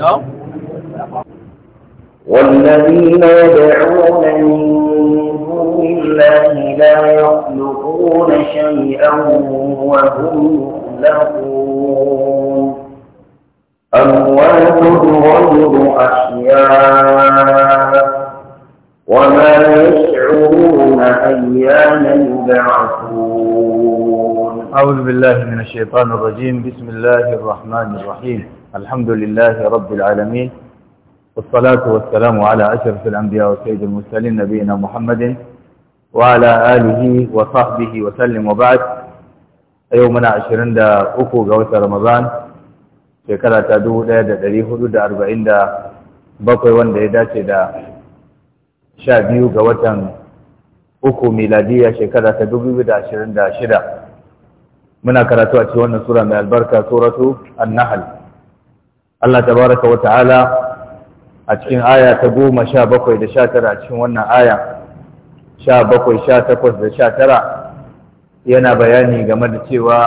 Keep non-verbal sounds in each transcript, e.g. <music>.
نعم. والذين يدعون من دون الله لا يخلقون شيئا وهم يخلقون أموات غير أحياء وما يشعرون أيام يبعثون أعوذ بالله من الشيطان الرجيم بسم الله الرحمن الرحيم الحمد لله رب العالمين والصلاة والسلام على أشرف الأنبياء وسيد المرسلين نبينا محمد وعلى آله وصحبه وسلم وبعد يومنا عشرين دا أكو قوة رمضان شكرا تدو لا دا حدود أربعين دا بقوي وان دا داشي دا شابيو أكو ميلادية شكرا تدو بدا دا عشرين دا شدا muna karatu a cikin wannan sura mai albarka suratu an Allah tabaraka wa ta'ala a cikin aya ta goma sha bakwai da sha tara a cikin wannan aya sha bakwai sha takwas da sha tara yana bayani game da cewa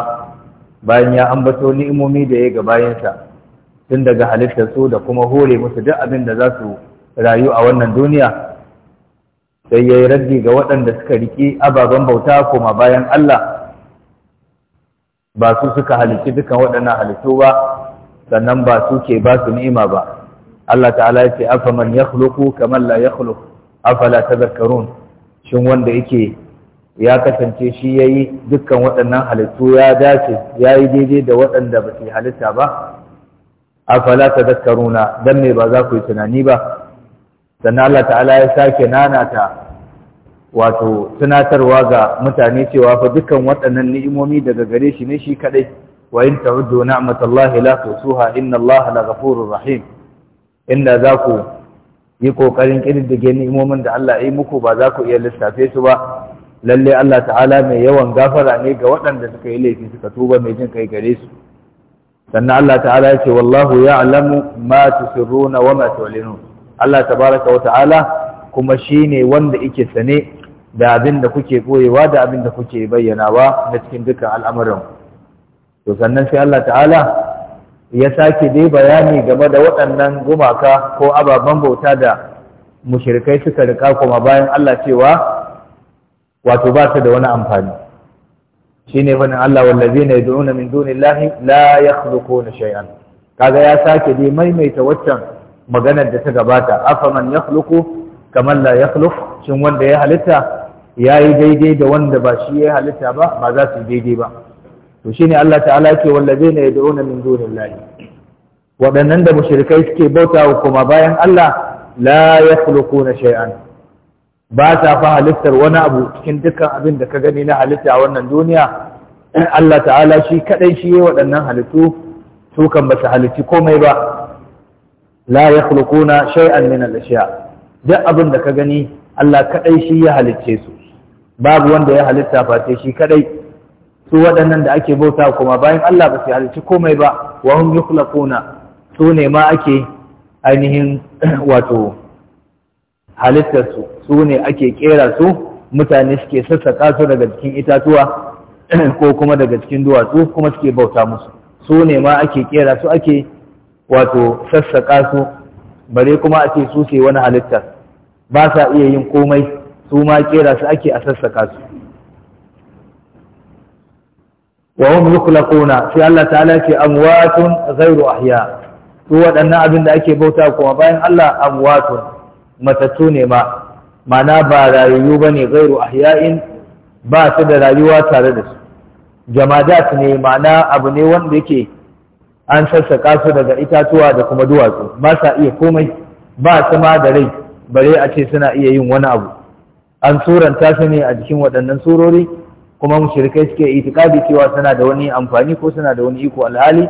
bayan ya ambato ni'imomi da ya ga bayansa tun daga halittar su da kuma hore musu duk abin da za su rayu a wannan duniya sai ya yi raddi ga waɗanda suka riƙe ababen bauta koma bayan Allah ba su suka halicci dukan waɗannan halittu ba sannan ba su ke ba su ni'ima ba Allah ta'ala ya ce afa man yakhluqu kaman la yakhluq afala tadhakkarun shin wanda yake ya kasance shi yayi dukkan waɗannan halittu ya dace yayi daidai da waɗanda ba su halitta ba afala tadhakkaruna dan me ba za ku yi tunani ba sannan Allah ta'ala ya sake nanata wato tunatarwa ga mutane cewa fa dukan waɗannan ni'imomi daga gare shi ne shi kadai wa in ta'uddu ni'matallahi la tusuha inna allaha laghafurur rahim inda za ku yi kokarin kididdige ni'imomin da Allah ya yi muku ba za ku iya lissafe su ba lalle Allah ta'ala mai yawan gafara ne ga waɗanda suka yi laifi suka tuba mai jin kai gare su sannan Allah ta'ala ya ce wallahu ya'lamu ma tusirruna wa ma tu'linun Allah tabaraka wa ta'ala kuma shine wanda yake sane da abin da kuke boyewa da abin da kuke bayyanawa na cikin dukkan al'amuran to sannan sai Allah ta'ala ya sake dai bayani game da waɗannan gumaka ko ababen bauta da mushirkai suka rika kuma bayan Allah cewa wato ba su da wani amfani Shi ne fanin Allah wallazina yad'una min lahi la na shay'an kaga ya sake dai maimaita waccan maganar da ta gabata afaman yakhluqu kamar la yakhluf shin wanda ya halitta yayi daidai da wanda ba shi ya halitta ba ba za su daidai ba to shine Allah ta'ala yake ya dauna min dunillahi Waɗannan da mushrikai suke bautawa kuma bayan Allah la na shay'an ba ta fa halittar wani abu cikin dukkan abin da ka gani na halitta a wannan duniya Allah ta'ala shi kadai shi waɗannan halittu su kan ba su halitti komai ba la yakhluquna shay'an min al-ashya' duk abin da ka gani Allah kaɗai shi ya halitce su babu wanda ya halitta face shi kaɗai su waɗannan da ake bauta kuma bayan Allah ba su halicci komai ba wa hum yukhlaquna su ne ma ake ainihin <clears throat> wato halittar su su ne ake kera su mutane suke sassaƙa su daga cikin itatuwa <clears throat> ko kuma daga cikin duwatsu kuma suke bauta musu su ne ma ake kera su ake wato sassaƙa su bare kuma a ce su ke wani halitta ba sa iya yin komai su ma kera su ake a sassaka su wa hum yukhlaquna sai Allah ta'ala ke amwatun ghairu ahya su waɗannan abin da ake bauta kuma bayan Allah amwatun matatu ne ma mana ba rayuwa bane ghairu ahya'in ba su da rayuwa tare da su jamadat ne mana abu ne wanda yake an sassaƙa su daga itatuwa da kuma duwatsu ba sa iya komai ba su ma da rai bare a ce suna iya yin wani abu an suranta su ne a jikin waɗannan surori kuma mushrikai suke itikadi cewa suna da wani amfani ko suna da wani iko alhali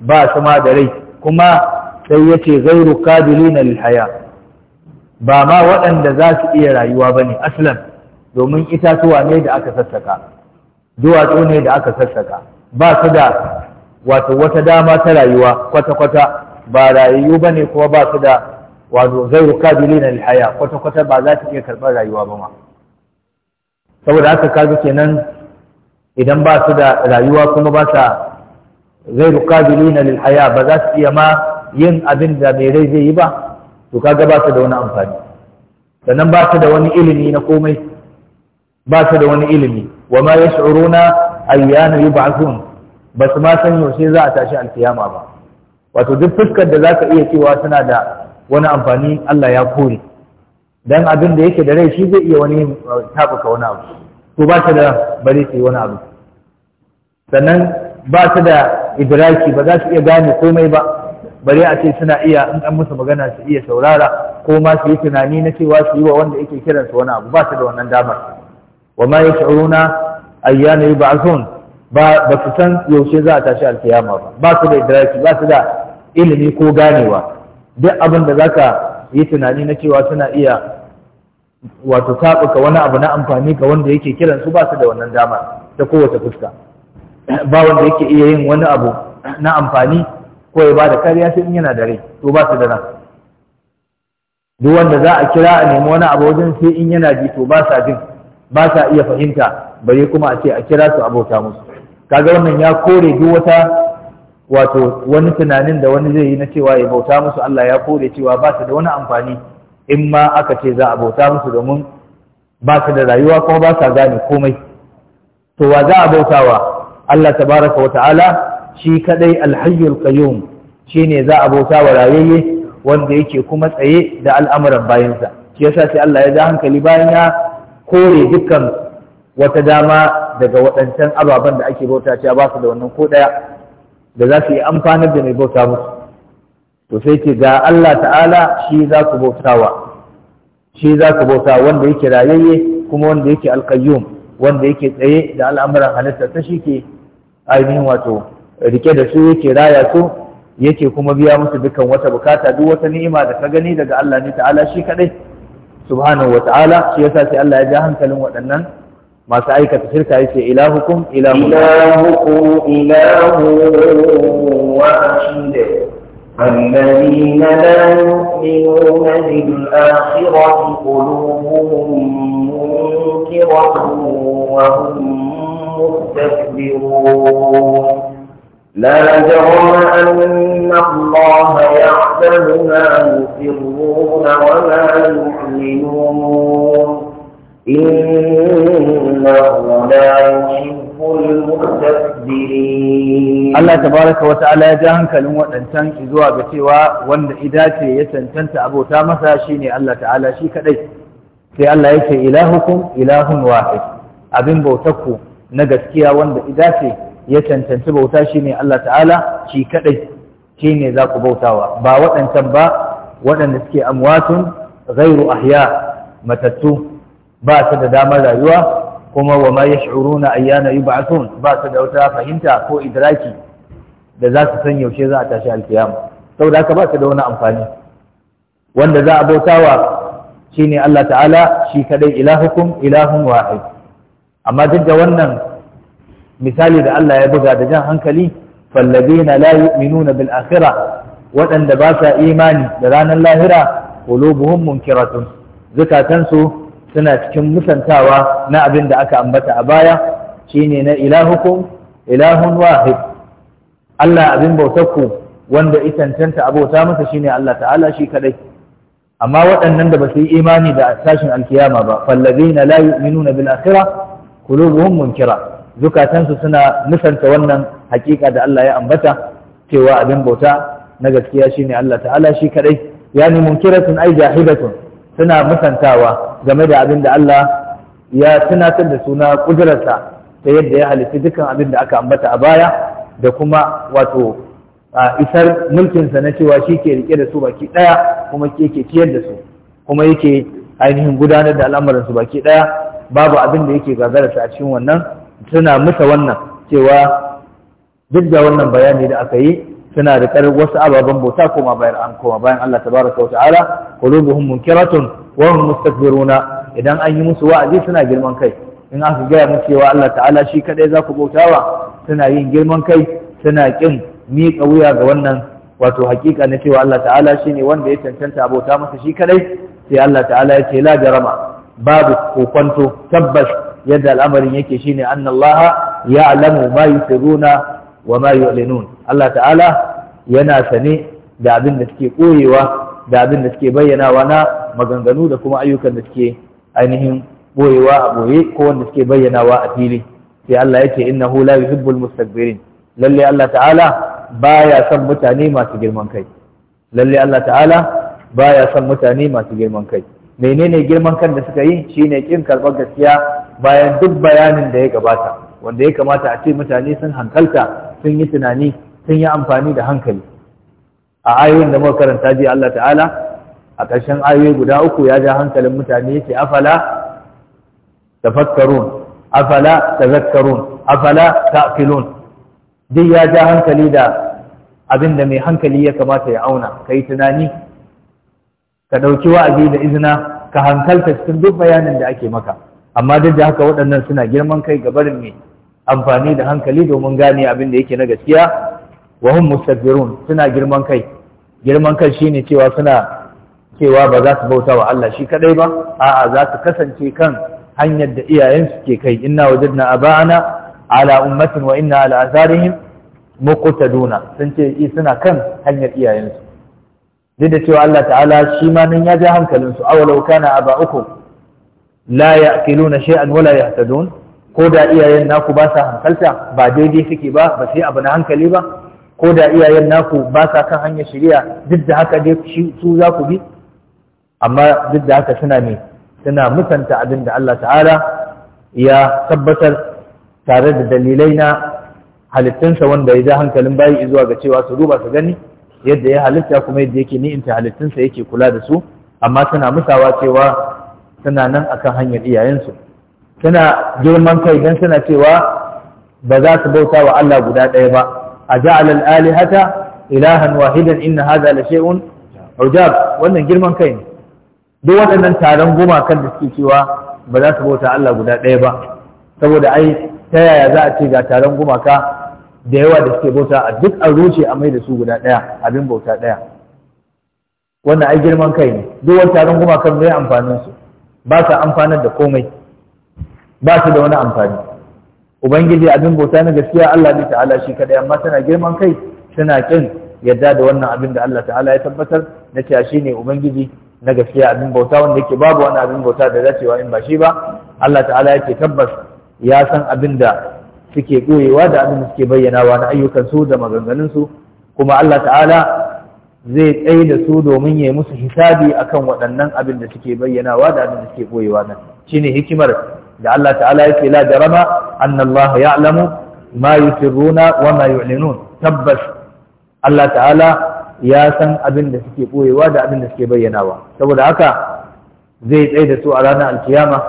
ba su ma da rai kuma sai ce zauru, qabilina na haya ba ma waɗanda za su iya rayuwa ba ne aslan domin itatuwa ne da aka sassaka duwatsu ne da aka sassaka ba su da wato wata dama ta rayuwa kwata-kwata ba rayu ba ne kuma ba su da wato zai kabili na lihaya kwata-kwata ba za su iya karɓar rayuwa ba ma saboda haka kaga kenan idan ba su da rayuwa kuma ba sa zai kabili na lihaya ba za su iya ma yin abin da mai rai zai yi ba to kaga ba su da wani amfani sannan ba su da wani ilimi na komai ba su da wani ilimi wa ma yash'uruna ayyana yub'athun ba su ma san yaushe za a tashi alkiyama ba wato duk fuskar da za ka iya cewa suna da wani amfani Allah ya kore dan abin da yake da rai shi zai iya wani tabuka wani abu to ba ta da bari su yi wani abu sannan ba su da idraki ba za su iya gane komai ba bare a ce suna iya in an musu magana su iya saurara ko ma su yi tunani na cewa su yi wa wanda yake kiransu wani abu ba su da wannan damar wa ma yash'uruna ayyana yub'athun ba su san yaushe za a tashi alkiyama ba ba su da idraki ba su da ilimi ko ganewa duk abin da zaka yi tunani na cewa suna iya wato ka wani abu na amfani ga wanda yake kiran su ba su da wannan dama ta kowace fuska ba wanda yake iya yin wani abu na amfani ko ya bada kariya sai in yana da rai to ba su da nan duk wanda za a kira a nemi wani abu wajen sai in yana ji to ba sa jin ba sa iya fahimta bare kuma a ce a kira su abota musu kaga wannan ya kore duk wata wato wani tunanin da wani zai yi na cewa ya bauta musu Allah ya kore cewa ba su da wani amfani in ma aka ce za a bauta musu domin ba su da rayuwa kuma ba sa gane komai to wa za a bautawa Allah tabaraka wata'ala shi kadai alhayyul qayyum shine za a bautawa rayayye wanda yake kuma tsaye da al'amuran bayansa shi yasa sai Allah ya ja hankali bayan ya kore dukkan wata dama daga waɗancan ababen da ake bauta cewa ba su da wannan ko ɗaya da za su yi amfanar da mai bauta musu to sai ce ga Allah ta'ala shi za ku bautawa shi za ku bauta wanda yake rayayye kuma wanda yake alƙayyum wanda yake tsaye da al'amuran halitta ta shi ke ainihin wato rike da su yake raya su yake kuma biya musu dukkan wata bukata duk wata ni'ima da ka gani daga Allah ne ta'ala shi kadai subhanahu Ta'ala shi yasa sai Allah ya ja hankalin waɗannan ما masu تشرك أي شيء إلهكم إلهكم إلهكم إله واحد الذين لا يؤمنون بالآخرة قلوبهم منكرة وهم مستكبرون لا جرم أن الله يعلم ما يسرون وما يعلنون إن Allah ta baraka wa ta'ala ya ja hankalin waɗancan zuwa ga cewa wanda ida ce ya cancanta abota masa shi ne Allah ta'ala shi kaɗai. Sai Allah yake ilahukum ilahun wahid abin bautakku na gaskiya wanda ida ce ya cancanci bauta shi ne Allah ta'ala shi kaɗai shi ne za ku bautawa ba waɗancan ba waɗanda suke amwatun gairu ahya matattu ba su da damar rayuwa kuma wa ma na ayyana yub'athun ba su da wata fahimta ko idraki da za su san yaushe za a tashi alkiyama saboda haka ba su da wani amfani wanda za a bautawa shine Allah ta'ala shi kadai ilahukum ilahun wahid amma duk da wannan misali da Allah ya buga da jan hankali falladina la yu'minuna bil akhirah waɗanda ba sa imani da ranar lahira qulubuhum munkiratun zukatansu suna cikin musantawa na abin da aka ambata a baya shine na ilahukum ilahun wahid Allah abin bautarku wanda itantanta abota masa shine Allah ta'ala shi kadai amma waɗannan da ba su yi imani da sashin alkiyama ba fallazina la yu'minuna bil akhirah qulubuhum munkira zukatansu suna musanta wannan hakika da Allah ya ambata cewa abin bauta na gaskiya shine Allah ta'ala shi kadai yani munkiratun ay jahilatun suna musantawa game da abin da Allah ya tunatar da suna kudurarsa ta yadda ya halitta dukkan abin da aka ambata a baya da kuma wato a isar mulkinsa na cewa shi ke rike da su baki ɗaya kuma yake ciyar da su kuma yake ainihin gudanar da al'amuransu baki ɗaya babu abin da yake gagararsa a cikin wannan suna musa wannan cewa duk da wannan bayani da aka yi suna da ƙarar wasu ababen bauta koma bayan an koma bayan Allah tabaraka wata'ala qulubuhum munkiratun wa hum mustakbiruna idan an yi musu wa'azi suna girman kai in aka gaya musu cewa Allah ta'ala shi kadai za ku bautawa suna yin girman kai suna kin miƙa wuya ga wannan wato hakika na cewa Allah ta'ala shine wanda ya cancanta abota masa shi kadai sai Allah ta'ala ya ce la jarama babu kokonto tabbas yadda al'amarin yake shine annallaha ya'lamu ma yusiruna wa ma yu'linun Allah ta'ala yana sane da abin da suke koyewa da abin da suke bayyanawa na maganganu da kuma ayyukan da suke ainihin boyewa a boye ko wanda suke bayyanawa a fili sai Allah yake innahu la yuhibbul mustakbirin lalle Allah ta'ala baya son mutane masu girman kai lalle Allah ta'ala baya son mutane masu girman kai menene girman kan da suka yi shine kin karbar gaskiya bayan duk bayanin da ya gabata wanda ya kamata a ce mutane sun hankalta sun yi tunani sun yi amfani da hankali a ayoyin da muka karanta ji Allah ta'ala a ƙarshen ayoyi guda uku ya ja hankalin mutane yace afala tafakkarun afala tazakkarun afala ta'qilun duk ya ja hankali da abin da mai hankali ya kamata ya auna yi tunani ka ɗauki wa'azi da izina ka hankalta cikin duk bayanin da ake maka amma duk da haka waɗannan suna girman kai ga barin mai amfani da hankali domin gane abin da yake na gaskiya wa hum mustakbirun suna girman kai girman kai shine cewa suna cewa ba za su bauta wa Allah shi kadai ba a'a za su kasance kan hanyar da iyayensu ke kai inna wajadna abana, ala ummatin wa inna ala atharihim muqtaduna sun ce suna kan hanyar iyayensu duk da cewa Allah ta'ala shi ma nan ya ja hankalinsu awalau kana aba'ukum la ya'kuluna shay'an wala yahtadun ko da iyayen naku ba sa hankalta ba daidai suke ba ba sai abu na hankali ba ko da iyayen naku ba sa kan hanyar shari'a duk da haka dai su za ku bi amma duk da haka suna ne suna mutanta abin da Allah ta'ala ya tabbatar tare da dalilai na halittunsa wanda ya ja hankalin bayi zuwa ga cewa su duba su gani yadda ya halitta kuma yadda yake ni'imta halittunsa yake kula da su amma suna musawa cewa suna nan akan hanyar iyayensu suna girman kai don suna cewa ba za su bauta wa Allah guda ɗaya ba a ja'al al-alihata ilahan wahidan inna hadha la shay'un ujab wannan girman kai ne duk waɗannan taron gumakan da suke cewa ba za su bauta Allah guda ɗaya ba saboda ai ta yaya za a ce ga taron gumaka da yawa da suke bauta a duk an ruce a mai da su guda ɗaya abin bauta ɗaya wannan ai girman kai ne duk wani taron gumakan mai amfanin su ba sa amfanar da komai ba su da wani amfani ubangiji abin bauta na gaskiya Allah ne ta'ala shi kadai amma tana girman kai tana kin yadda da wannan abin da Allah ta'ala ya tabbatar na cewa ne ubangiji na gaskiya abin bauta wanda yake babu wani abin bauta da dacewa in ba shi ba Allah ta'ala yake tabbas ya san abin da suke koyewa da abin da suke bayyana wa na ayyukan su da maganganun su kuma Allah ta'ala zai tsaye da su domin ya musu hisabi akan waɗannan abin da suke bayyanawa da abin da suke koyewa nan shine hikimar da Allah ta'ala yake la jarama annallahu ya'lamu ma yusirruna wa ma yu'linun tabbas Allah ta'ala ya san abin da suke koyewa da abin da suke bayyanawa saboda haka zai tsaye da su a ranar alkiyama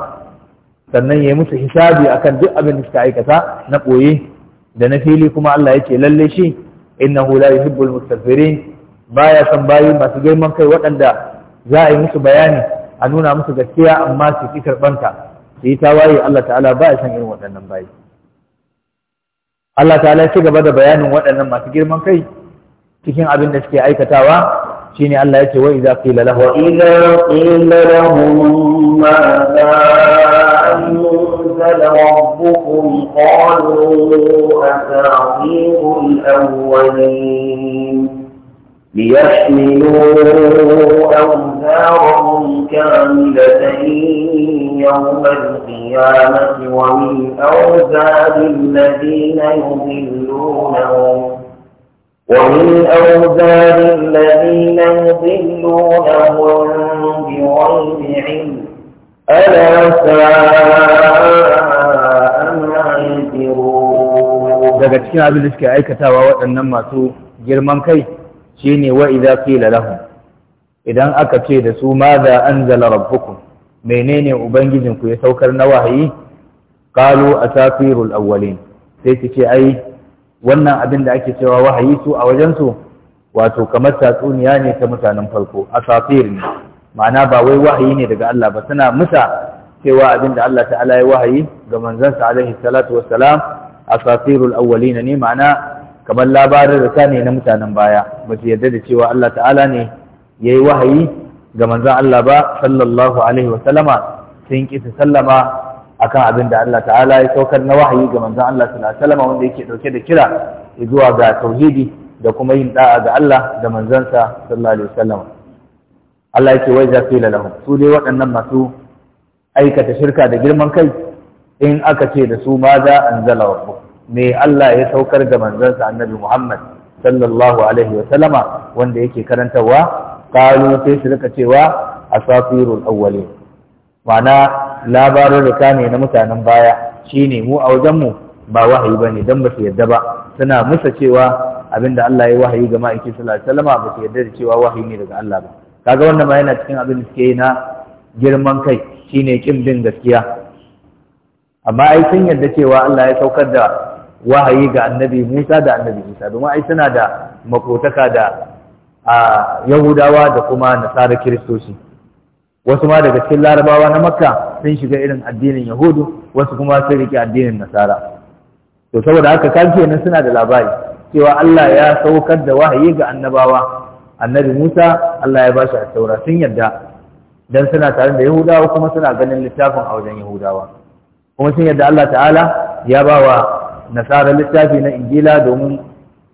sannan ya musu hisabi akan duk abin da suka aikata na koye da na fili kuma Allah yake lalle shi innahu la yuhibbul mustaghfirin baya son bayi masu girman kai waɗanda za a yi musu bayani a nuna musu gaskiya amma su ki karɓanta su yi tawaye Allah ta'ala ba ya son irin waɗannan bayi Allah ta'ala ya ci gaba da bayanin waɗannan masu girman kai cikin abin da suke aikatawa shine Allah ya ce wa idza qila lahu idza qila lahum ma la anzala rabbukum qalu asatirul awwalin ليحملوا أوزارهم كاملة يوم القيامة ومن أوزار الذين يضلونهم ومن أوزار الذين يضلونهم بغير علم ألا ساء ما يزرون. daga cikin abin da suke aikatawa waɗannan masu girman kai shine wa idza qila lahum idan aka ce da su ma za anzala rabbukum menene ku ya saukar na wahayi qalu asafirul awwalin sai su ce ai wannan abin da ake cewa wahayi su a wajen su wato kamar tatsuniya ne ta mutanen farko asafir ne ma'ana ba wai wahayi ne daga Allah ba suna musa cewa abin da Allah ta'ala ya wahayi ga manzansa alaihi salatu wassalam asafirul awwalin ne ma'ana kamar labarin rika ne na mutanen baya ba su yarda da cewa Allah ta'ala ne ya yi wahayi ga manzan Allah ba sallallahu alaihi wasallama sun ƙi su sallama akan abin da Allah ta'ala ya saukar na wahayi ga manzan Allah sallallahu wanda yake dauke da kira zuwa ga tauhidi da kuma yin ɗa'a ga Allah da manzansa sallallahu alaihi wasallam Allah yake wai zafila lahum su dai waɗannan masu aikata shirka da girman kai in aka ce da su ma za anzala rabbuk me Allah ya saukar da manzansa annabi Muhammad sallallahu alaihi wa sallama wanda yake karantawa qalu sai su rika cewa asafirul awwalin ma'ana labarin rika ne na mutanen baya shine mu a wajen mu ba wahayi ne dan ba su yadda ba suna musa cewa abinda Allah ya wahayi ga ma'aiki sallallahu alaihi wa ba su yadda da cewa wahayi ne daga Allah ba kaga wannan ma yana cikin abin da suke yi na girman kai shine kin bin gaskiya amma ai sun yadda cewa Allah ya saukar da wahayi ga annabi Musa da annabi Isa domin ai suna da makotaka da Yahudawa da kuma Nasara Kiristoci wasu ma daga cikin Larabawa na Makka sun shiga irin addinin Yahudu wasu kuma sun rike addinin Nasara to saboda haka kan kenan suna da labari cewa Allah ya saukar da wahayi ga annabawa annabi Musa Allah ya bashi a sun yadda dan suna tare da Yahudawa kuma suna ganin littafin a wajen Yahudawa kuma sun yarda Allah ta'ala ya ba wa Nasarar littafi na injila domin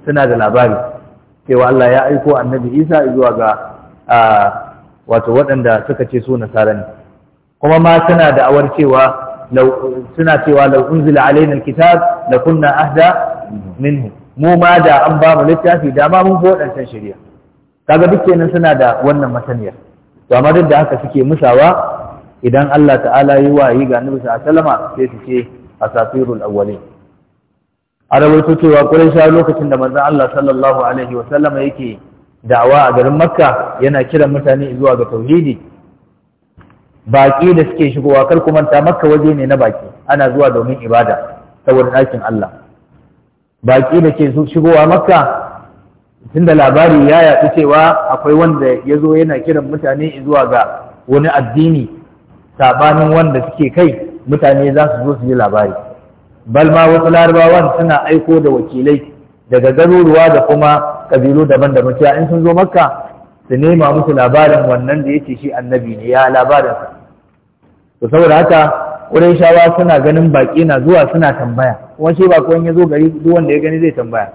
suna da labari cewa Allah ya aiko annabi Isa zuwa ga wato waɗanda suka ce su nasara ne kuma ma suna da awar cewa suna cewa law unzila alaina alkitab lakunna ahda minhu mu ma da an ba mu littafi da ma mun fi waɗancan shari'a kaga duk kenan suna da wannan masaniyar to amma duk da haka suke musawa idan Allah ta'ala yi wa yi ga annabi sallallahu alaihi wasallama sai su ce asatirul awwalin a rawaito cewa sha lokacin da maza Allah sallallahu alaihi wa yake da'awa a garin Makka yana kiran mutane zuwa ga tauhidi baki da suke shigowa kar kuma ta Makka waje ne na baki ana zuwa domin ibada saboda ɗakin Allah baki da ke shigowa Makka tun da labari ya yaɗu cewa akwai wanda ya zo yana kiran mutane zuwa ga wani addini saɓanin wanda suke kai mutane za su zo su yi labari bal ma wasu larabawan suna aiko da wakilai daga garuruwa da kuma kabilu daban-daban cewa in sun zo makka su nema musu labarin wannan da yake shi annabi ne ya labarin sa to saboda haka wurin shawa suna ganin baki na zuwa suna tambaya kuma shi ba kowa ya zo gari duk wanda ya gani zai tambaya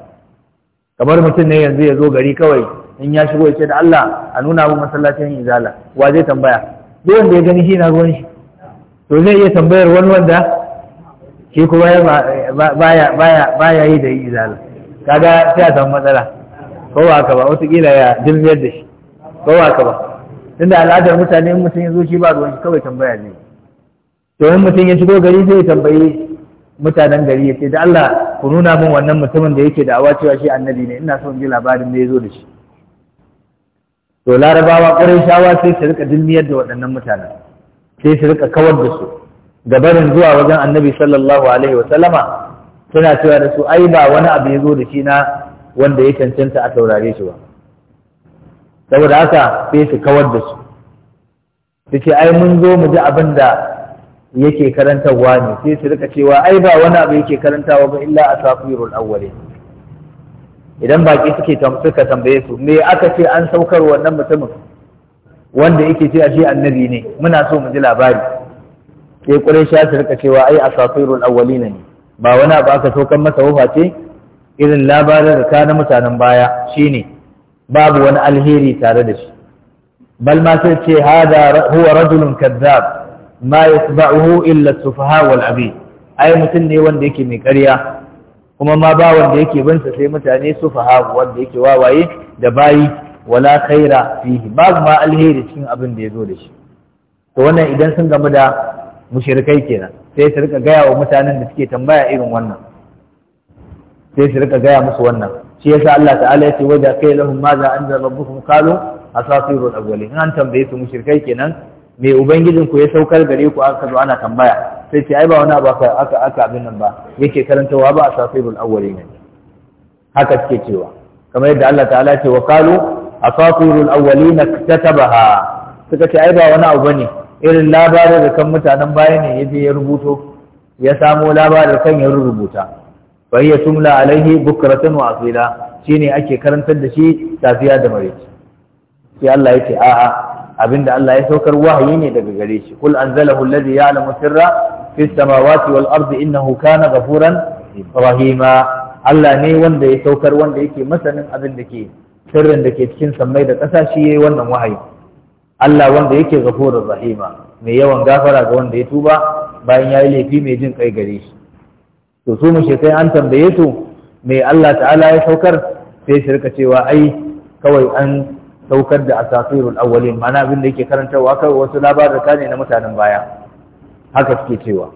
kamar mutum ne yanzu ya zo gari kawai in ya shigo ya ce da Allah a nuna mu masallacin izala wa zai tambaya duk wanda ya gani shi na ruwan shi to zai iya tambayar wani wanda shi kuma ya baya baya baya yi da yi zala kaga sai a samu matsala ko ba ka ba wata kila ya dilmiyar da shi ko ba ka ba tunda al'adar mutane in mutum ya zo shi ba ruwan shi kawai tambaya ne to in mutum ya shigo gari zai tambayi mutanen gari ya ce da Allah ku nuna min wannan mutumin da yake da'awa cewa shi annabi ne ina son ji labarin da ya zo da shi to larabawa ƙwarai shawa sai su rika dilmiyar da waɗannan mutanen sai su rika kawar da su gabarin zuwa wajen annabi sallallahu alaihi wa sallama suna cewa da su ai ba wani abu ya zo da shi na wanda ya cancanta a saurare shi ba saboda haka sai su kawar da su su ce ai mun zo mu ji abin da yake karantarwa ne sai su rika cewa ai ba wani abu yake karantawa ba illa a safirul awwali idan baki suke suka tambaye su me aka ce an saukar wannan mutumin wanda yake ce a shi annabi ne muna so mu ji labari sai sha su rika cewa ai a asatirul awwalina ne ba wani abu aka saukan masa wufa ce irin labarin da na mutanen baya shine babu wani alheri tare da shi bal ma sai ce hada huwa rajulun kadhab ma yasba'uhu illa sufaha wal abi ai mutum ne wanda yake mai ƙarya kuma ma ba wanda yake bin sa sai mutane sufaha wanda yake wawaye da bayi wala khaira fihi babu ma alheri cikin abin da ya zo da shi to wannan idan sun gamu da mushrikai kenan sai su rika gaya wa mutanen da suke tambaya irin wannan sai su rika gaya musu wannan shi yasa Allah ta'ala ya ce waja kai lahum ma za anzal rabbukum qalu asatirul awwalin an tambaye su mushrikai kenan me ubangijin ku ya saukar gare ku aka zo ana tambaya sai ce ai ba wani abu aka aka aka abin nan ba yake karantawa ba asatirul awwalin haka suke cewa kamar yadda Allah ta'ala ya ce wa qalu asatirul awwalin iktatabaha suka ce ai ba wani abu bane irin labarin da kan mutanen baya ne ya je ya rubuto ya samo labarin kan ya rubuta fa tumla alaihi bukratan wa asila shine ake karantar da shi safiya da maraice sai Allah yake a'a abinda Allah ya saukar wahayi ne daga gare shi kul anzalahu alladhi ya'lamu sirra fis samawati wal ardi innahu kana ghafuran rahima Allah ne wanda ya saukar wanda yake masanin abin da ke sirrin da ke cikin sammai da ƙasa shi yayi wannan wahayi Allah wanda yake ghafurur rahima mai yawan gafara ga wanda ya tuba bayan ya yi laifi mai jin kai gare shi to su shekai an tambaye su mai Allah ta'ala ya saukar sai rika cewa ai kawai an saukar da asafirul awwalin ma'ana abin da yake wa kawai wasu labarin ka ne na mutanen baya haka suke cewa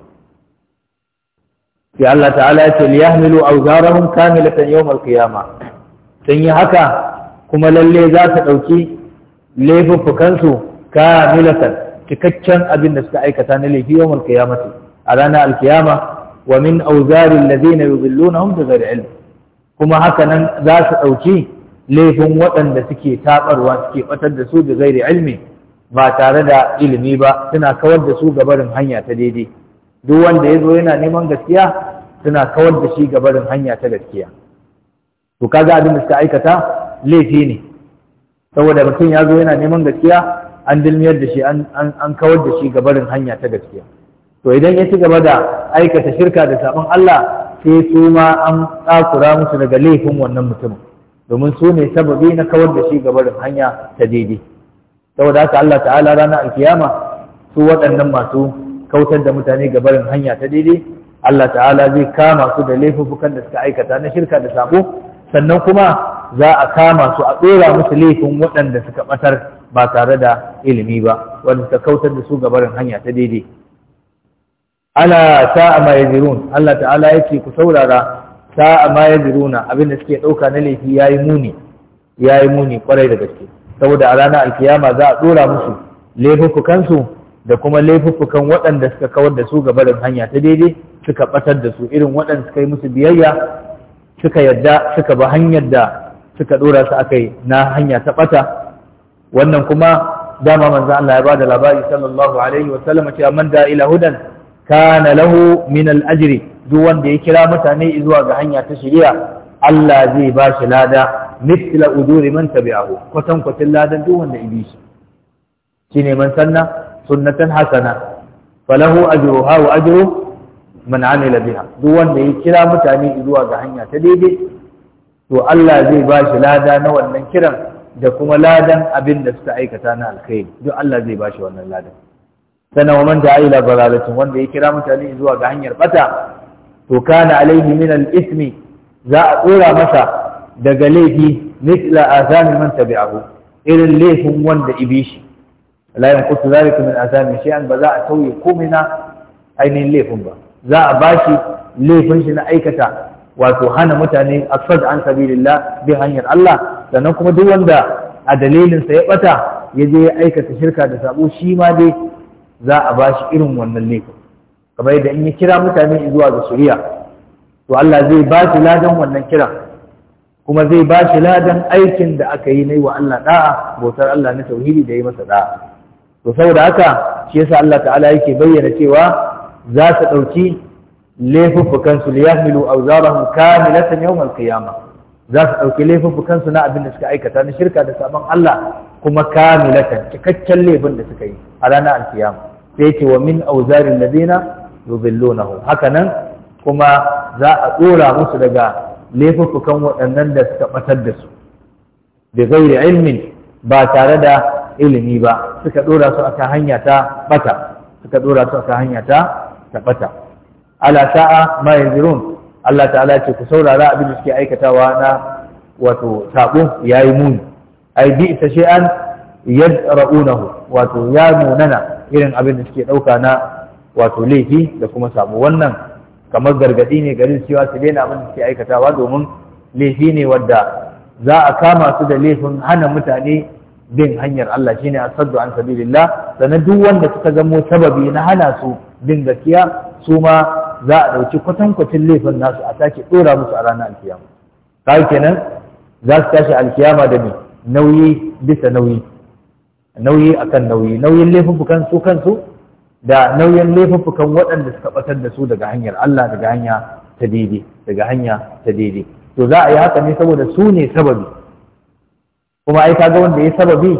sai Allah ta'ala ya ce liyahmilu awzarahum kamilatan yawm al-qiyamah sun yi haka kuma lalle za ta dauki laifuffukansu milatar, cikakken abin da suka aikata na laifi yawmal qiyamati a ranar alkiyama wa min auzarin na awzari alladhina yudhillunahum da ilm kuma haka nan za su ɗauki laifin waɗanda suke taɓarwa suke batar da su da bighairi ilmi ba tare da ilimi ba suna kawar da su gabarin hanya ta daidai duk wanda ya zo yana neman gaskiya suna kawar da shi gabarin hanya ta gaskiya to kaga abin da suka aikata laifi ne saboda mutum ya zo yana neman gaskiya an dilmiyar da shi an kawar da shi gabarin hanya ta gaskiya to idan ya ci gaba da aikata shirka da sabon Allah sai su ma an tsakura musu daga laifin wannan mutumin domin su ne sababi na kawar da shi gabarin hanya ta daidai saboda haka Allah ta'ala ranar alkiyama su waɗannan masu kautar da mutane gabarin hanya ta daidai Allah ta'ala zai kama su da laifukan da suka aikata na shirka da sabo sannan kuma za a kama su a ɗora musu laifin waɗanda suka ɓatar ba tare da ilimi ba wanda suka kautar da su gabarin hanya ta daidai ala sa'a ma yazirun Allah ta'ala ya ku saurara sa'a ma ya ziruna abinda suke ɗauka na laifi yayi muni yi muni kwarai da gaske saboda a ranar alkiyama za a ɗora musu laifuffukansu da kuma laifuffukan waɗanda suka kawar da su gabarin hanya ta daidai suka ɓatar da su irin waɗanda suka yi musu biyayya suka yadda suka ba hanyar da suka dora su akai na hanya ta bata wannan kuma dama manzo Allah ya bada labari sallallahu alaihi wa sallam cewa man da ila hudan kana lahu min al-ajri duk wanda ya kira mutane zuwa ga hanya ta shari'a Allah zai ba shi lada mithla ujuri man tabi'ahu kwatan kwatin ladan duk wanda ya bi shi shine man sanna sunnatan hasana falahu ajruha wa ajru man amila biha duk wanda ya kira mutane zuwa ga hanya ta daidai to Allah zai ba shi lada na wannan kiran da kuma ladan abin da suka aikata na alkhairi duk Allah zai ba shi wannan ladan sana wa man da'a ila dalalatin wanda ya kira mutane zuwa ga hanyar bata to kana alaihi min al-ismi za a tsora masa daga laifi misla azami man tabi'ahu irin laifin wanda ibishi shi la yanqutu zalika min azami shay'an ba za a tauye komai na ainihin laifin ba za a bashi laifin shi na aikata wato hana mutane asfad an sabilillah bi hanyar Allah sannan kuma duk wanda a dalilin sa ya bata ya je ya aikata shirka da sabo shi ma dai za a shi irin wannan laifin kamar yadda in ya kira mutane zuwa ga shari'a to Allah zai ba shi ladan wannan kira kuma zai ba shi ladan aikin da aka yi yi wa Allah da'a bautar Allah na tauhidi da yi masa da'a to saboda haka shi yasa Allah ta'ala yake bayyana cewa za su ɗauki laifuffukansu li yahmilu awzarahum kamilatan yawm mai kiyama za su ɗauki laifuffukansu na abin da suka aikata na shirka da sabon Allah kuma kamilatan cikakken laifin da suka yi a ranar alkiyama sai ce wa min auzarin ladina yudhillunahu haka nan kuma za a tsora musu daga laifuffukan waɗannan da suka ɓatar da su da ghairi ilmin ba tare da ilimi ba suka ɗora su akan hanya ta ɓata. suka dora su a hanya ta da ala sa'a ma yanzurun Allah ta'ala ce ku saurara abin da suke aikatawa na wato sabo yayi muni ai bi ta shay'an yadra'unahu wato ya nunana irin abin da suke dauka na wato laifi da kuma sabo wannan kamar gargadi ne garin cewa su daina abin da suke aikatawa domin laifi ne wadda za a kama su da laifin hana mutane bin hanyar Allah shine asaddu an sabilillah sanan duk wanda suka zamo sababi na hana su bin gaskiya su ma za a ɗauki kwatankwacin laifin nasu a sake ɗora musu a ranar alkiyama kawai kenan za su tashi alkiyama da ne nauyi bisa nauyi nauyi akan nauyi nauyin laifin su kansu da nauyin laifuffukan waɗanda suka ɓatar da su daga hanyar Allah daga hanya ta daidai daga hanya ta daidai to za a yi haka ne saboda su ne sababi kuma ai kaga wanda ya sababi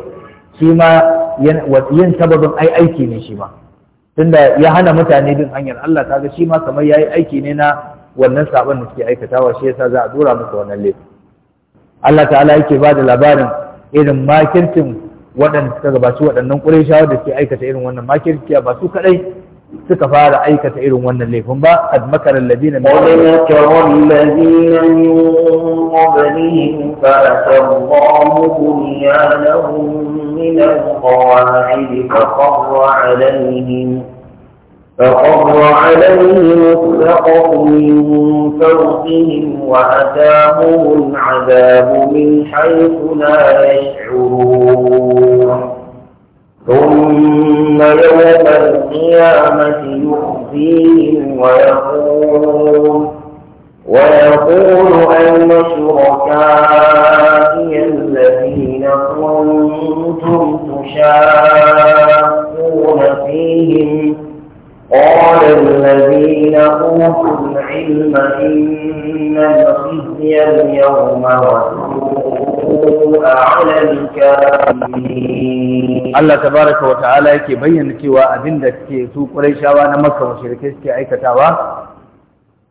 shi ma yin sababin ai aiki ne shi ma tunda ya hana mutane bin hanyar Allah kaga shi ma kamar yayi aiki ne na wannan sabon da suke aikatawa shi yasa za a dora musu wannan laifi Allah ta'ala yake ba da labarin irin makircin waɗanda suka gabaci waɗannan ƙurai da suke aikata irin wannan makirci ba su kaɗai suka fara aikata irin wannan laifin ba kad makara alladina min qablihim fa atallahu bunyanahum min alqawa'id fa qarra alayhim فقر عليهم السقف من فوقهم وأتاهم العذاب من حيث لا يشعرون ثم يوم القيامة يخزيهم ويقول ويقول أين شركائي الذين كنتم تشاقون فيهم قال الذين أوتوا العلم إن الخزي اليوم والسوء على الكافرين Allah tabaraka wa ta'ala yake bayyana cewa abinda ke su Qurayshawa na Makka mushrikai suke aikatawa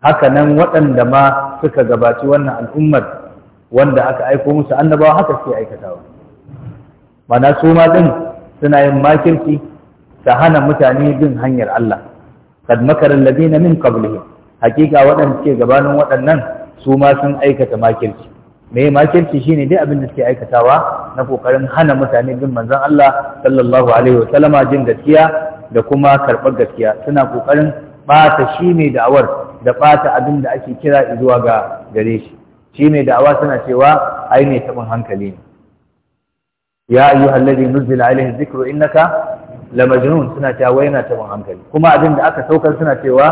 haka nan waɗanda ma suka gabaci wannan al'ummar wanda aka aiko musu annabawa haka suke aikatawa mana su ma din suna yin makirci ta hana mutane bin hanyar Allah kad makaral ladina min qablihim hakika waɗanda suke gabanin waɗannan su ma sun aikata makirci mai makirci shine dai abin da suke aikatawa na kokarin hana mutane bin manzon Allah sallallahu alaihi wasallama jin gaskiya da kuma karɓar gaskiya suna kokarin bata shi mai da'awar da bata abin da ake kira zuwa ga gare shi shi mai da'awa suna cewa ai ne tabin hankali ne ya ayyuhal ladhi nuzila alaihi dhikru innaka lamajnun suna cewa yana tabin hankali kuma abin da aka saukar suna cewa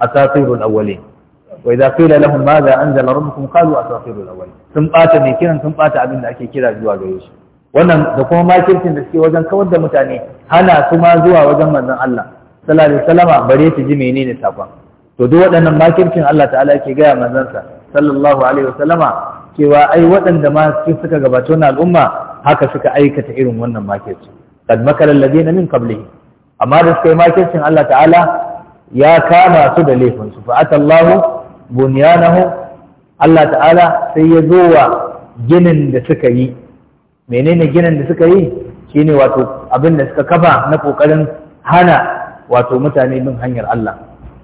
asatirul awwalin وإذا قيل لهم ماذا أنزل ربكم قالوا أساطير الأول sun ɓata mai kiran sun ɓata abin da ake kira zuwa gare shi wannan da kuma makircin da suke wajen kawar da mutane hana su ma zuwa wajen manzon Allah sallallahu alaihi wasallama bare su ji menene sakon to duk waɗannan makircin Allah ta'ala yake gaya manzon sa sallallahu alaihi wasallama cewa ai waɗanda ma suka gabaci wannan al'umma haka suka aikata irin wannan makirci kad makara na min qablihi amma da suka makircin Allah ta'ala ya kama su da laifin su fa atallahu bunyanahum Allah ta'ala sai ya zo wa ginin da suka yi menene ginin da suka yi shine wato abin da suka kafa na kokarin hana wato mutane bin hanyar Allah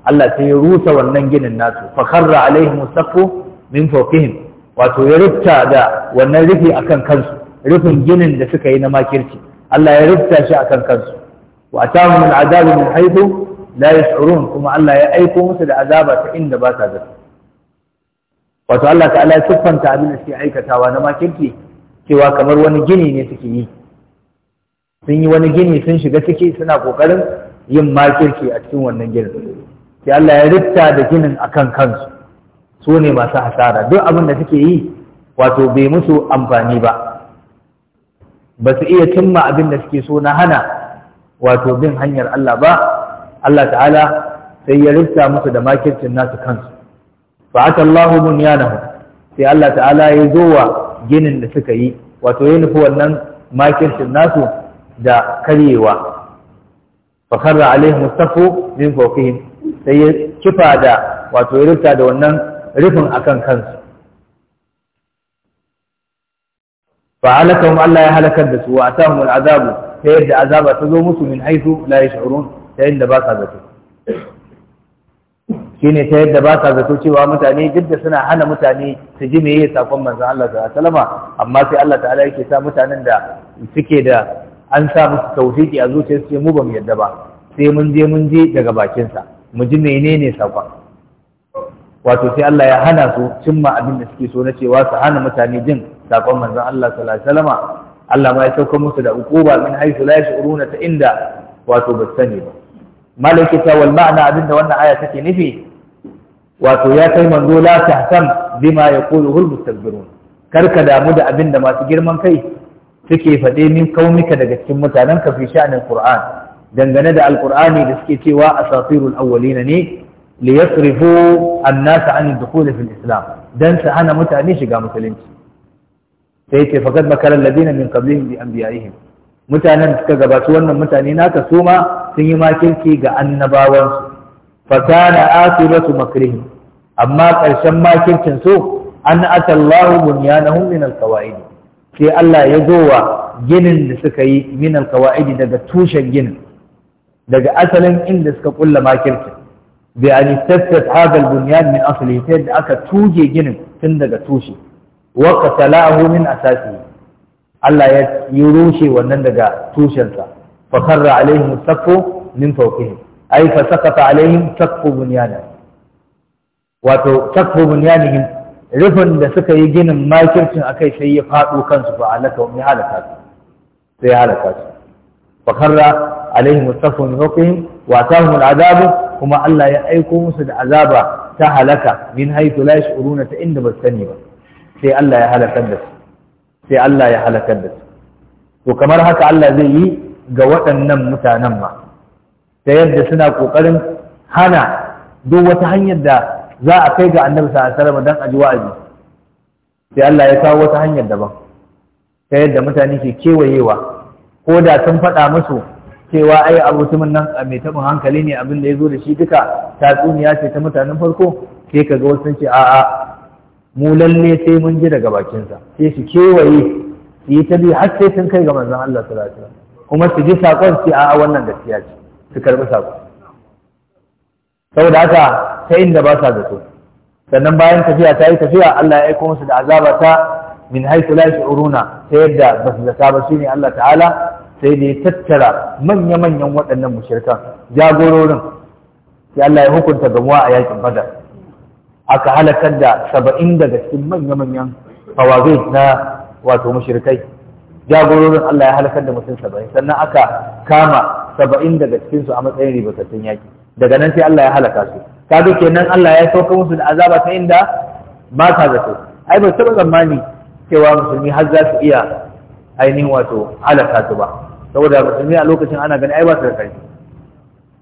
Allah sai ya rusa wannan ginin nasu fa kharra alaihim saqqu min fawqihim wato ya rufta da wannan rufi akan kansu rufin ginin da suka yi na makirci Allah ya rufta shi akan kansu wa atamu min azab min haythu la yash'urun kuma Allah ya aiko musu da azaba ta inda ba sa zato wato Allah ta'ala ya siffanta abin da suke aikatawa na makirki cewa kamar wani gini ne suke yi sun yi wani gini sun shiga ciki suna kokarin yin makirki a cikin wannan ginin sai Allah ya ritta da ginin akan kansu su ne masu hasara duk abin da suke yi wato bai musu amfani ba ba su iya cimma abin da suke so na hana wato bin hanyar Allah ba Allah ta'ala sai ya rufta musu da makircin nasu kansu fa'ata Allahu bunyanahu sai Allah ta'ala ya zo wa ginin da suka yi wato ya nufi wannan makircin nasu da karyewa fa kharra alaihim safu min fawqihim sai ya kifa da wato ya rufta da wannan rufin akan kansu fa'alakahum Allah ya halakar da su wa atahum al'azabu sai yadda azaba ta zo musu min haythu la yash'urun ta yadda ba sa zato ne ta yadda ba sa zato cewa mutane duk da suna hana mutane su ji meye sakon manzan Allah sallallahu Salama, amma sai Allah ta'ala yake sa mutanen da suke da an sa musu tausiki a zuciyarsu sai mu ba mu yadda ba sai mun je mun je daga bakinsa mu ji menene sakon wato sai Allah ya hana su cimma abin da suke so na cewa su hana mutane jin sakon manzan Allah sallallahu Salama? Allah ma ya sauka musu da ukuba min haythu la yash'uruna ta inda wato ba sani ba malaki ta wal ma'ana abinda wannan aya take nufi wato ya kai manzo la tahtam bima yaquluhu almustakbirun karka damu da abinda masu girman kai suke fade min kaunika daga cikin mutanen ka fi sha'anin qur'an dangane da alqur'ani da suke cewa asatirul awwalin ne li yasrifu an-nas an nas an dukhul fi al-islam dan su hana mutane shiga musulunci sai ce faqad makara alladhina min qablihim bi anbiya'ihim mutanen suka gabatu wannan mutane naka su ma sun yi makirci ga annabawansu fakana asiratu makrihi amma ƙarshen makircin su an atallahu bunyanahum min alqawaid sai Allah ya zo wa ginin da suka yi min alqawaid daga tushen ginin daga asalin inda suka kulla makircin bi an tasfat hada albunyan min asli sai da aka tuje ginin tun daga tushe wa qatalahu min asasi Allah ya yi rushe wannan daga tushensa fa karra alaihim sakku min fawqihim ay fa sakata alaihim sakku bunyana wato sakku bunyanihim rufin da suka yi ginin makircin akai sai ya fado kansu fa alaka wa halaka sai halaka su fa karra alaihim sakku min fawqihim wa atahum al'adabu kuma Allah ya aiko musu da azaba ta halaka min haythu la yash'uruna ta inda ba sani ba sai Allah ya halaka da su sai Allah ya halakar da su to kamar haka Allah zai yi ga waɗannan mutanen ma ta yadda suna ƙoƙarin hana duk wata hanyar da za a kai ga annabi sallallahu alaihi don a ji wa'azi sai Allah ya kawo wata hanyar daban ta yadda mutane ke kewayewa ko da sun faɗa musu cewa ai tumin nan mai taɓin hankali ne abin da ya zo da shi duka tatsuniya ce ta mutanen farko sai ka ga wasu sun ce a'a mu lalle sai mun ji daga bakinsa sai su kewaye su yi ta biyu har sai sun kai ga manzon Allah sallallahu alaihi kuma su ji sakon su a wannan gaskiya ce su karbi sako saboda haka ta inda ba sa zato sannan bayan tafiya ta yi tafiya Allah ya aiko musu da azaba ta min haythu la yash'uruna ta yadda ba su zata ba shine Allah ta'ala sai da ya tattara manya-manyan waɗannan mushrikan jagororin sai Allah ya hukunta gamuwa a yakin Badar aka halakar da saba'in daga cikin manya-manyan fawazai na wato mashirkai jagororin Allah ya halakar da mutum saba'in sannan aka kama saba'in daga cikinsu a matsayin ribatattun yaƙi daga nan sai Allah ya halaka su kaga kenan Allah ya sauka musu da azaba ta inda ba ka zato ai ba taɓa tsammani cewa musulmi har za su iya ainihin wato halaka su ba saboda musulmi a lokacin ana gani ai ba su da ƙarfi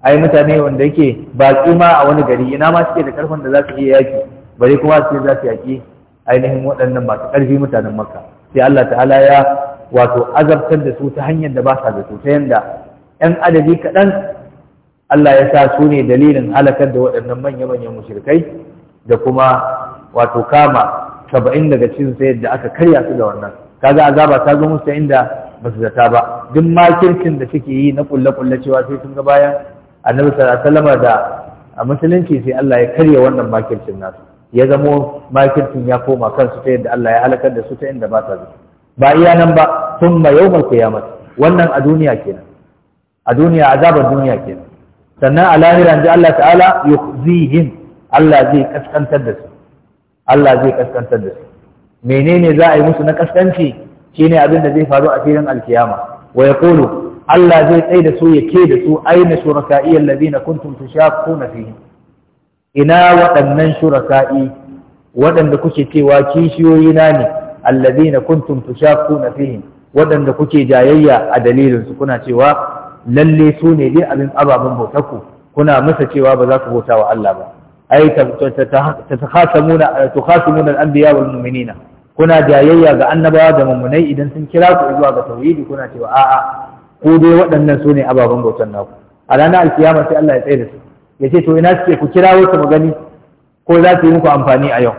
ai mutane wanda yake ba ma a wani gari ina ma suke da karfin da za su iya yaki bare kuma su za su yaki ainihin waɗannan masu ƙarfi mutanen makka sai Allah ta'ala ya wato azabtar da su ta hanyar da ba sa da su ta yanda 'yan adadi kaɗan Allah ya sa su ne dalilin halakar da waɗannan manya-manyan mushrikai da kuma wato kama saba'in daga cikin sai yadda aka karya su da wannan kaga azaba ta zo musu inda ba su zata ba duk makircin da suke yi na kulle-kulle cewa sai sun ga bayan annabi sallallahu alaihi wasallam da a musulunci sai Allah ya karya wannan makircin nasu ya zamo makircin ya koma kansu ta yadda Allah ya halakar da su ta inda ba ta zuwa ba iya nan ba yau mai kiyama wannan a duniya kenan a duniya azabar duniya kenan sannan a lahira ji Allah ta'ala yukhzihim Allah zai kaskantar da su Allah zai kaskantar da su menene za a yi musu na kaskanci shine abin da zai faru a filin alkiyama wa yaqulu Allah zai tsaye da su ya ke da su aina shuraka'i allazina kuntum tushaqquna fihi ina waɗannan shuraka'i waɗanda kuke cewa kishiyoyi na ne allazina kuntum tushaqquna fihi waɗanda kuke jayayya a dalilin su kuna cewa lalle su ne dai abin ababen bautarku kuna masa cewa ba za ku bauta wa Allah ba ai ta tatakasamuna tukasimuna al-anbiya wal mu'minina kuna jayayya ga annabawa da mummunai idan sun kira ku zuwa ga tauhidi kuna cewa a'a ko dai waɗannan su ne ababen bautan naku a ranar alkiyama sai Allah ya tsaye da su ya ce to ina suke ku kira wasu mu gani ko za su yi muku amfani a yau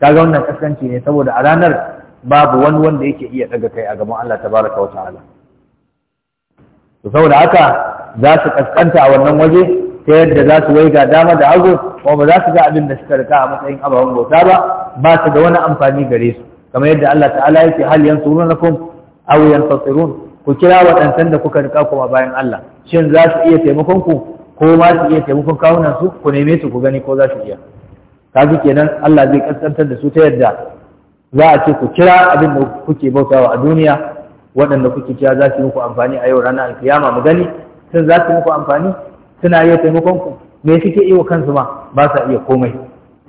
kaga wannan kaskanci ne saboda a ranar babu wani wanda yake iya daga kai a gaban Allah tabaraka wa ta'ala to saboda haka za su kaskanta a wannan waje ta yadda za su waiga dama da hagu kuma ba za su ga abin da suka rika a matsayin ababen bauta ba ba su da wani amfani gare su kamar yadda Allah ta'ala yake hal yansurunakum aw yansasirun ku kira waɗansan da kuka rika kuma bayan Allah shin za su iya taimakon ku ko ma su iya taimakon kawunan su ku neme su ku gani ko za su iya kaji kenan Allah zai kaskantar da su ta yadda za a ce ku kira abin da kuke bautawa a duniya waɗanda kuke kira za su yi muku amfani a yau ranar alkiyama mu gani sun za su yi muku amfani suna iya taimakon ku me suke iya kansu ma ba sa iya komai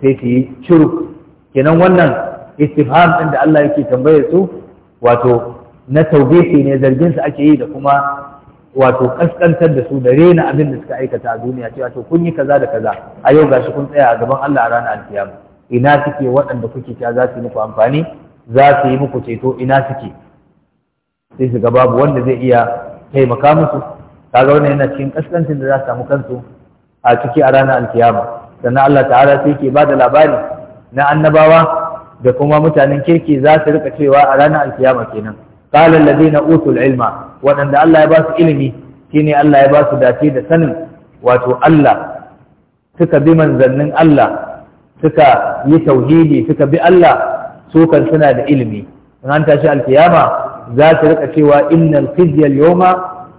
sai su yi shiru kenan wannan istifham ɗin da Allah yake tambayar su wato na taubihi ne zargin su ake yi da kuma wato kaskantar da su da rena abin da suka aikata a duniya cewa to kun yi kaza da kaza a yau gashi kun tsaya a gaban Allah a ranar alkiyama ina suke waɗanda kuke cewa za su yi muku amfani za su yi muku ceto ina suke sai su ga babu wanda zai iya taimaka musu kaga wannan yana cikin kaskancin da za su samu kansu a ciki a ranar alkiyama sannan Allah ta'ala sai ke bada labari na annabawa da kuma mutanen kirki za su rika cewa a ranar alkiyama kenan qala na utul ilma waɗanda Allah ya basu ilimi shi shine Allah ya ba su dace da sanin wato Allah suka bi manzannin Allah suka yi tauhidi suka bi Allah su kan suna da ilimi in an tashi alkiyama za ta rika cewa innal khizya al-yawma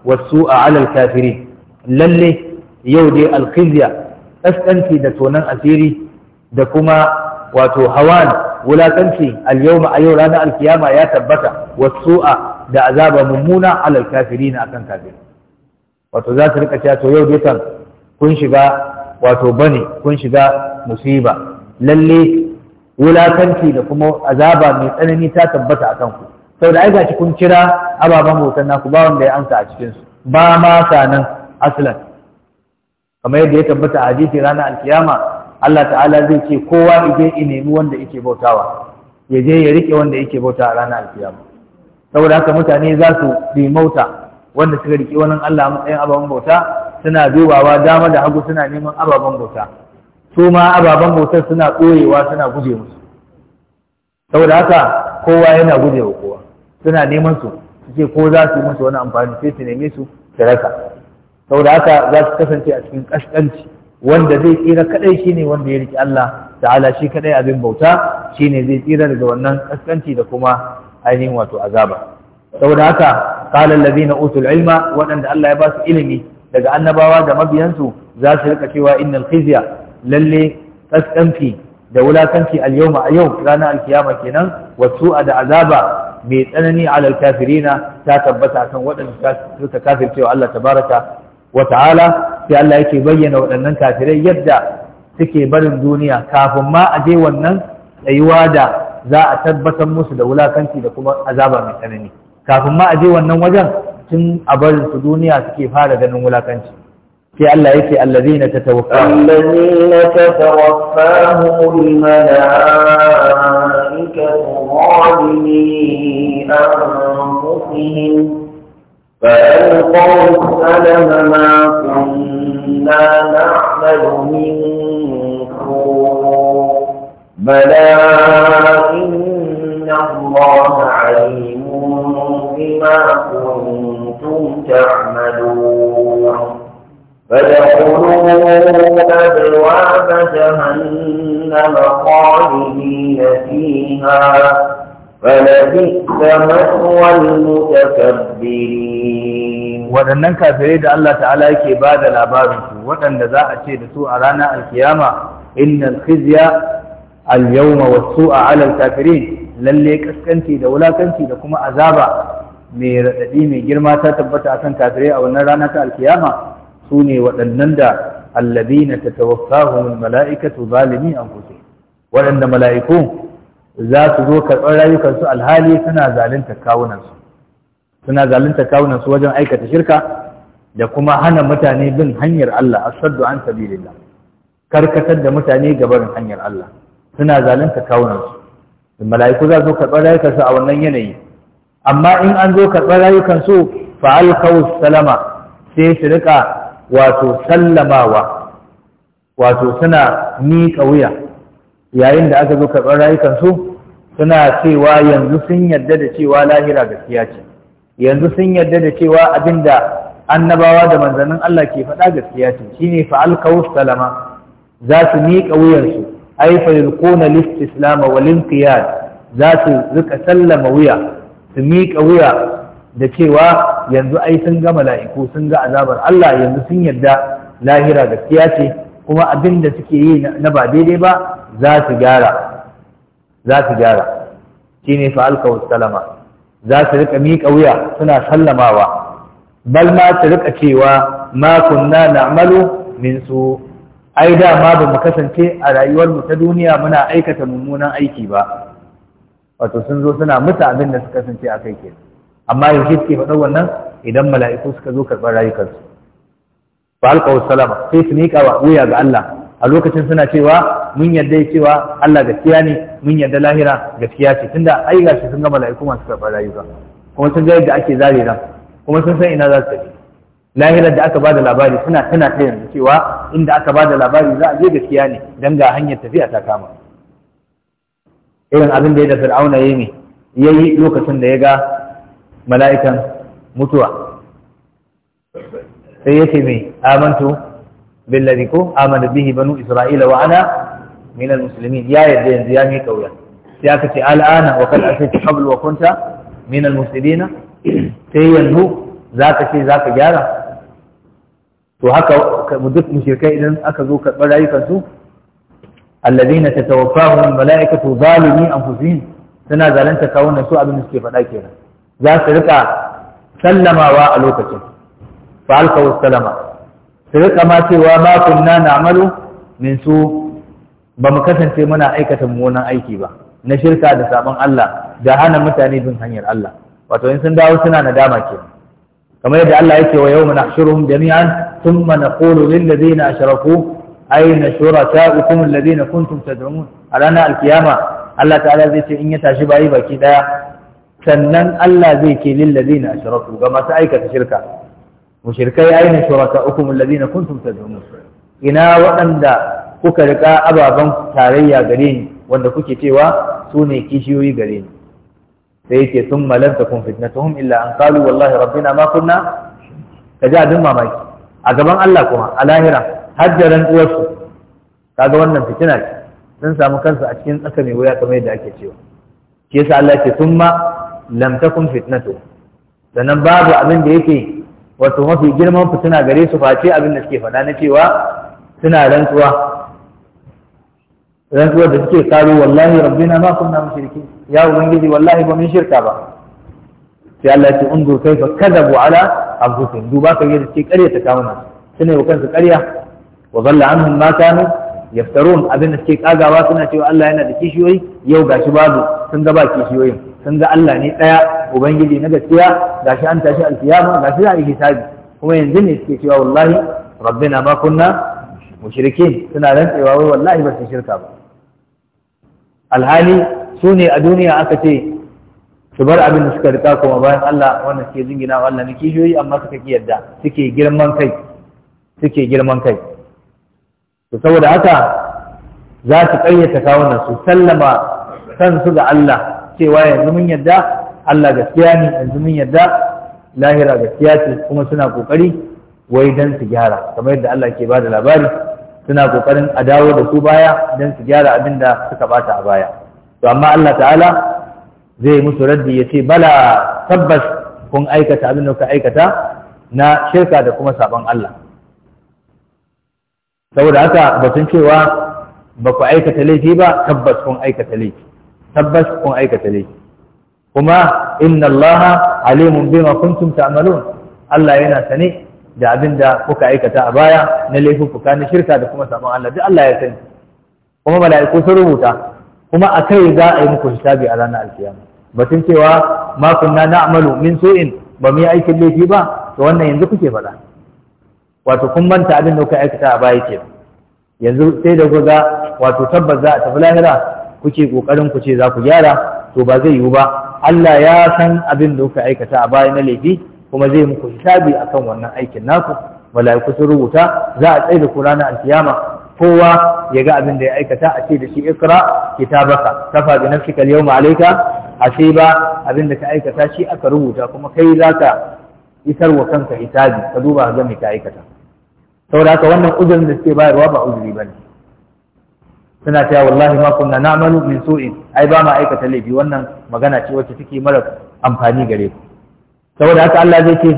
was-su'a 'ala al-kafirin lalle yau dai al-khizya kaskanci da tonan asiri da kuma wato hawan wulakanci al a yau ranar alkiyama ya tabbata a da azaba mummuna alal na akan kafiri wato za su rika cewa to yau dai kan kun shiga wato bane kun shiga musiba lalle wulakanci da kuma azaba mai tsanani ta tabbata akan ku aka ai gashi kun kira ababen hoton naku ba wanda ya amsa a cikinsu. su ba ma sanan aslan kamar yadda ya tabbata a hadisi ranar alkiyama Allah ta'ala zai ce kowa ije i nemi wanda yake bautawa ya je ya rike wanda yake bauta a ranar alkiyama saboda haka mutane za su mauta, wanda suka rike wannan Allah matsayin ababen bauta suna dubawa dama da hagu suna neman ababen bauta su ma ababen bautar suna ɓoyewa suna guje musu saboda haka kowa yana guje wa kowa suna neman su suke ko za su yi musu wani amfani sai su neme su su raka saboda haka za su kasance a cikin ƙasƙanci wanda zai tsira kadai shine wanda ya riki Allah ta'ala shi kadai abin bauta shine zai tsira daga wannan kaskanci da kuma ainihin wato azaba saboda haka qala allazina utul ilma waɗanda Allah ya ba su ilimi daga annabawa da mabiyansu za su rika cewa innal khizya lalle kaskanci da wulakanci al yawma a yau ranar alkiyama kenan wasu da azaba mai tsanani alal kafirina ta tabbata kan waɗanda suka wa Allah tabaraka wa ta'ala sai Allah yake bayyana waɗannan kafirai yadda suke barin duniya kafin ma a je wannan tsayuwa da za a tabbatar musu da wulakanci da kuma azaba mai tsanani kafin ma a je wannan wajen tun a barin su duniya suke fara ganin wulakanci sai Allah yake allazina tatawaffa allazina tatawaffahumul malaa'ikatu zalimi anfusihim فألقوا السلم ما كنا نعمل من سوء بلى إن الله عليم بما كنتم تعملون فدخلوا أبواب جهنم خالدين فيها waɗannan kafirai da Allah ta'ala yake ba da labarinsu waɗanda za a ce da su a ranar alkiyama Inna khizya al wasu a sua kafirin lalle kaskanci da wulakanci da kuma azaba mai raɗaɗi mai girma ta tabbata akan kafirai a wannan rana ta alkiyama sune waɗannan da alladhina tatawaffahum al-mala'ikatu zalimi anfusihim waɗanda mala'iku za su zo karɓar rayukansu alhali suna zalunta kawunansu suna zalunta kawunansu wajen aikata shirka da kuma hana mutane bin hanyar Allah asaddu an sabilillah karkatar da mutane ga barin hanyar Allah suna zalunta kawunansu mala'iku za su zo karɓar rayukansu a wannan yanayi amma in an zo karɓar rayukansu fa alqaw salama sai su rika wato sallamawa wato suna miƙa wuya yayin da aka zo karɓar rayukansu suna cewa yanzu sun yarda da cewa lahira gaskiya ce yanzu sun yarda da cewa abinda annabawa da manzannin Allah ke faɗa gaskiya ce shine fa alqaw salama za su miƙa wuyansu ay fa yulquna listislam wa linqiyad za su rika sallama wuya su miƙa wuya da cewa yanzu ai sun ga mala'iku sun ga azabar Allah yanzu sun yarda lahira gaskiya ce kuma abin da suke yi na ba daidai ba za su gyara za su gyara ne fa alkawar salama za su rika miƙa wuya suna sallamawa bal ma su rika cewa ma kunna na'malu min su ai da ma ba mu kasance a rayuwar mu ta duniya muna aikata mummunan aiki ba wato sun zo suna mutu abin da suka kasance a kai kenan amma yaushe suke faɗa wannan idan mala'iku suka zo karɓar rayukansu fa alkawar salama sai su miƙa wuya ga Allah a lokacin suna cewa mun yarda cewa Allah gaskiya ne mun yarda lahira gaskiya ce tunda ai gashi sun gama mala'iku masu karɓar rayuwa kuma sun ga yadda ake zare ran kuma sun san ina za su tafi lahirar da aka bada labari suna tana ta yanzu cewa inda aka bada labari za a je gaskiya ne dan ga hanyar tafiya ta kama irin abin da ya da fir'auna ya yi ya yi lokacin da ya ga mala'ikan mutuwa sai ya ce mai amantu billazi ko amana bihi banu isra'ila wa ana min almuslimin ya yadda yanzu ya mi kauya sai aka ce al'ana wa kad asaytu qabl wa kunta min almuslimin sai yanzu zaka ce zaka gyara to haka duk mushrikai idan aka zo karɓar rayukansu alladhina tatawaffahum almalaikatu zalimi anfusihim suna zalunta kawunan su abin da suke faɗa kenan za su rika sallamawa a lokacin fa alkawu salama su rika cewa ma kunna na'malu min su ba mu kasance muna aikata mummunan aiki ba na shirka da sabon Allah da hana mutane bin hanyar Allah wato in sun dawo suna nadama ke kamar yadda Allah yake wa yawma nahshuruhum jami'an thumma naqulu lil ladina ashraku ayna shurakaukum alladhina kuntum tad'un a ranar alkiyama Allah ta'ala zai ce in ya tashi bayi baki daya sannan Allah zai ke lil ladina ashraku ga masu aikata shirka shuraka aina shurakaukum na kuntum tad'un ina waɗanda kuka rika ababan tarayya gare ni wanda kuke cewa su ne kishiyoyi gare ni sai yake sun malanta kun fitnatuhum illa an qalu wallahi rabbina ma kunna kaji abin mamaki a gaban Allah kuma a lahira hajjaran uwarsu kaga wannan fitina ce sun samu kansu a cikin tsaka mai wuya kamar yadda ake cewa shi yasa Allah ce sun ma lam takun fitnatu sannan babu abin da yake wato mafi girman fitina gare su face abin da suke faɗa na cewa suna rantsuwa rantsuwar da suke karu wallahi rabbina ma kunna mushriki ya ubangiji wallahi ba mun shirka ba sai Allah ya ce unzur kaifa kadabu ala anfusihim duba ka yadda suke ƙarya ta kawuna suna yi wa kansu ƙarya wa zalla anhum ma kanu yaftarun abin da suke kagawa suna cewa Allah yana da kishiyoyi yau gashi babu sun gaba kishiyoyin sun ga Allah ne ɗaya ubangiji na gaskiya gashi an tashi alkiyama gashi za a yi hisabi kuma yanzu ne suke cewa wallahi rabbina ma kunna mushrikin suna rantsewa wai wallahi ba su shirka ba alhali su ne a duniya aka ce su bar abin da suka rika kuma bayan Allah wannan suke jingina wa Allah ne kishiyoyi amma suka ki yarda suke girman kai suke girman kai to saboda haka za su kayyata kawunan su sallama kansu ga Allah cewa yanzu mun yadda Allah gaskiya ne yanzu mun yadda lahira gaskiya ce kuma suna kokari wai dan su gyara kamar yadda Allah ke bada labari suna kokarin a dawo da su baya dan su gyara abin da suka bata a baya to amma Allah ta'ala zai musu raddi ya ce bala tabbas kun aikata abin da ka aikata na shirka da kuma sabon Allah saboda haka batun cewa ba ku aikata laifi ba tabbas kun aikata laifi tabbas kun aikata laifi kuma inna allaha alimun bima kuntum ta'malun Allah yana sane da abin da kuka aikata a baya na laifuka na shirka da kuma saman Allah duk Allah ya sani kuma mala'iku sun rubuta kuma a kai za a yi muku hisabi a ranar alkiyama batun cewa ma kunna na'malu min su'in ba mu yi aikin laifi ba to wannan yanzu kuke faɗa wato kun manta abin da kuka aikata a baya ke yanzu sai da kuka wato tabbas za a tafi lahira kuke ƙoƙarin ku ce za ku gyara to ba zai yiwu ba Allah ya san abin da kuka aikata a baya na laifi kuma zai muku hisabi akan wannan aikin naku mala'iku sun rubuta za a tsaye da ku ranar alkiyama kowa ya ga abin da ya aikata a ce da shi ikra kitabaka kafa bi nafsika al-yawma alayka hasiba abin da ka aikata shi aka rubuta kuma kai zaka isar wa kanka hisabi ka duba ga me ka aikata saboda haka wannan uzurin da suke bayarwa ba uzuri bane suna cewa wallahi ma kunna na'malu min su'in ai ba ma aikata laifi wannan magana ce wacce take mara amfani gare ku saboda haka Allah zai ce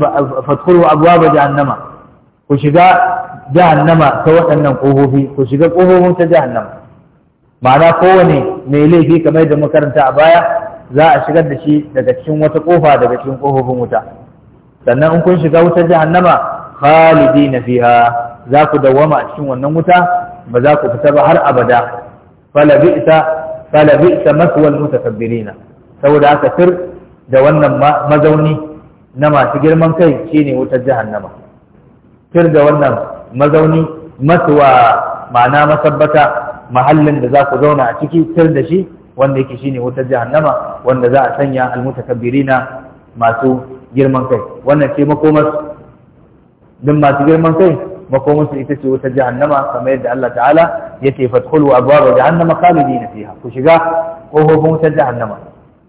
fatkuru abwaba jahannama ku shiga jahannama ta waɗannan ƙofofi ku shiga ƙofofin ta jahannama ma'ana kowane mai laifi kamar da makaranta a baya za a shigar da shi daga cikin wata ƙofa daga cikin ƙofofin wuta sannan in kun shiga wutar jahannama khalidina fiha za ku dawwama a cikin wannan wuta ba za ku fita ba har abada fala bi'sa fala bi'sa maswal mutakabbirina saboda aka fir da wannan mazauni na masu girman kai shine wutar jahannama Fir da wannan mazauni maswa ma'ana masabbata mahallin da za ku zauna a ciki fir da shi wanda yake shine wutar jahannama wanda za a sanya almutakabbirina masu girman kai wannan ce makomar duk masu girman kai makomin ita ce wutar jahannama kamar yadda Allah ta'ala yake fadkhulu abwaba jahannama khalidina fiha ku shiga kofofin wutar jahannama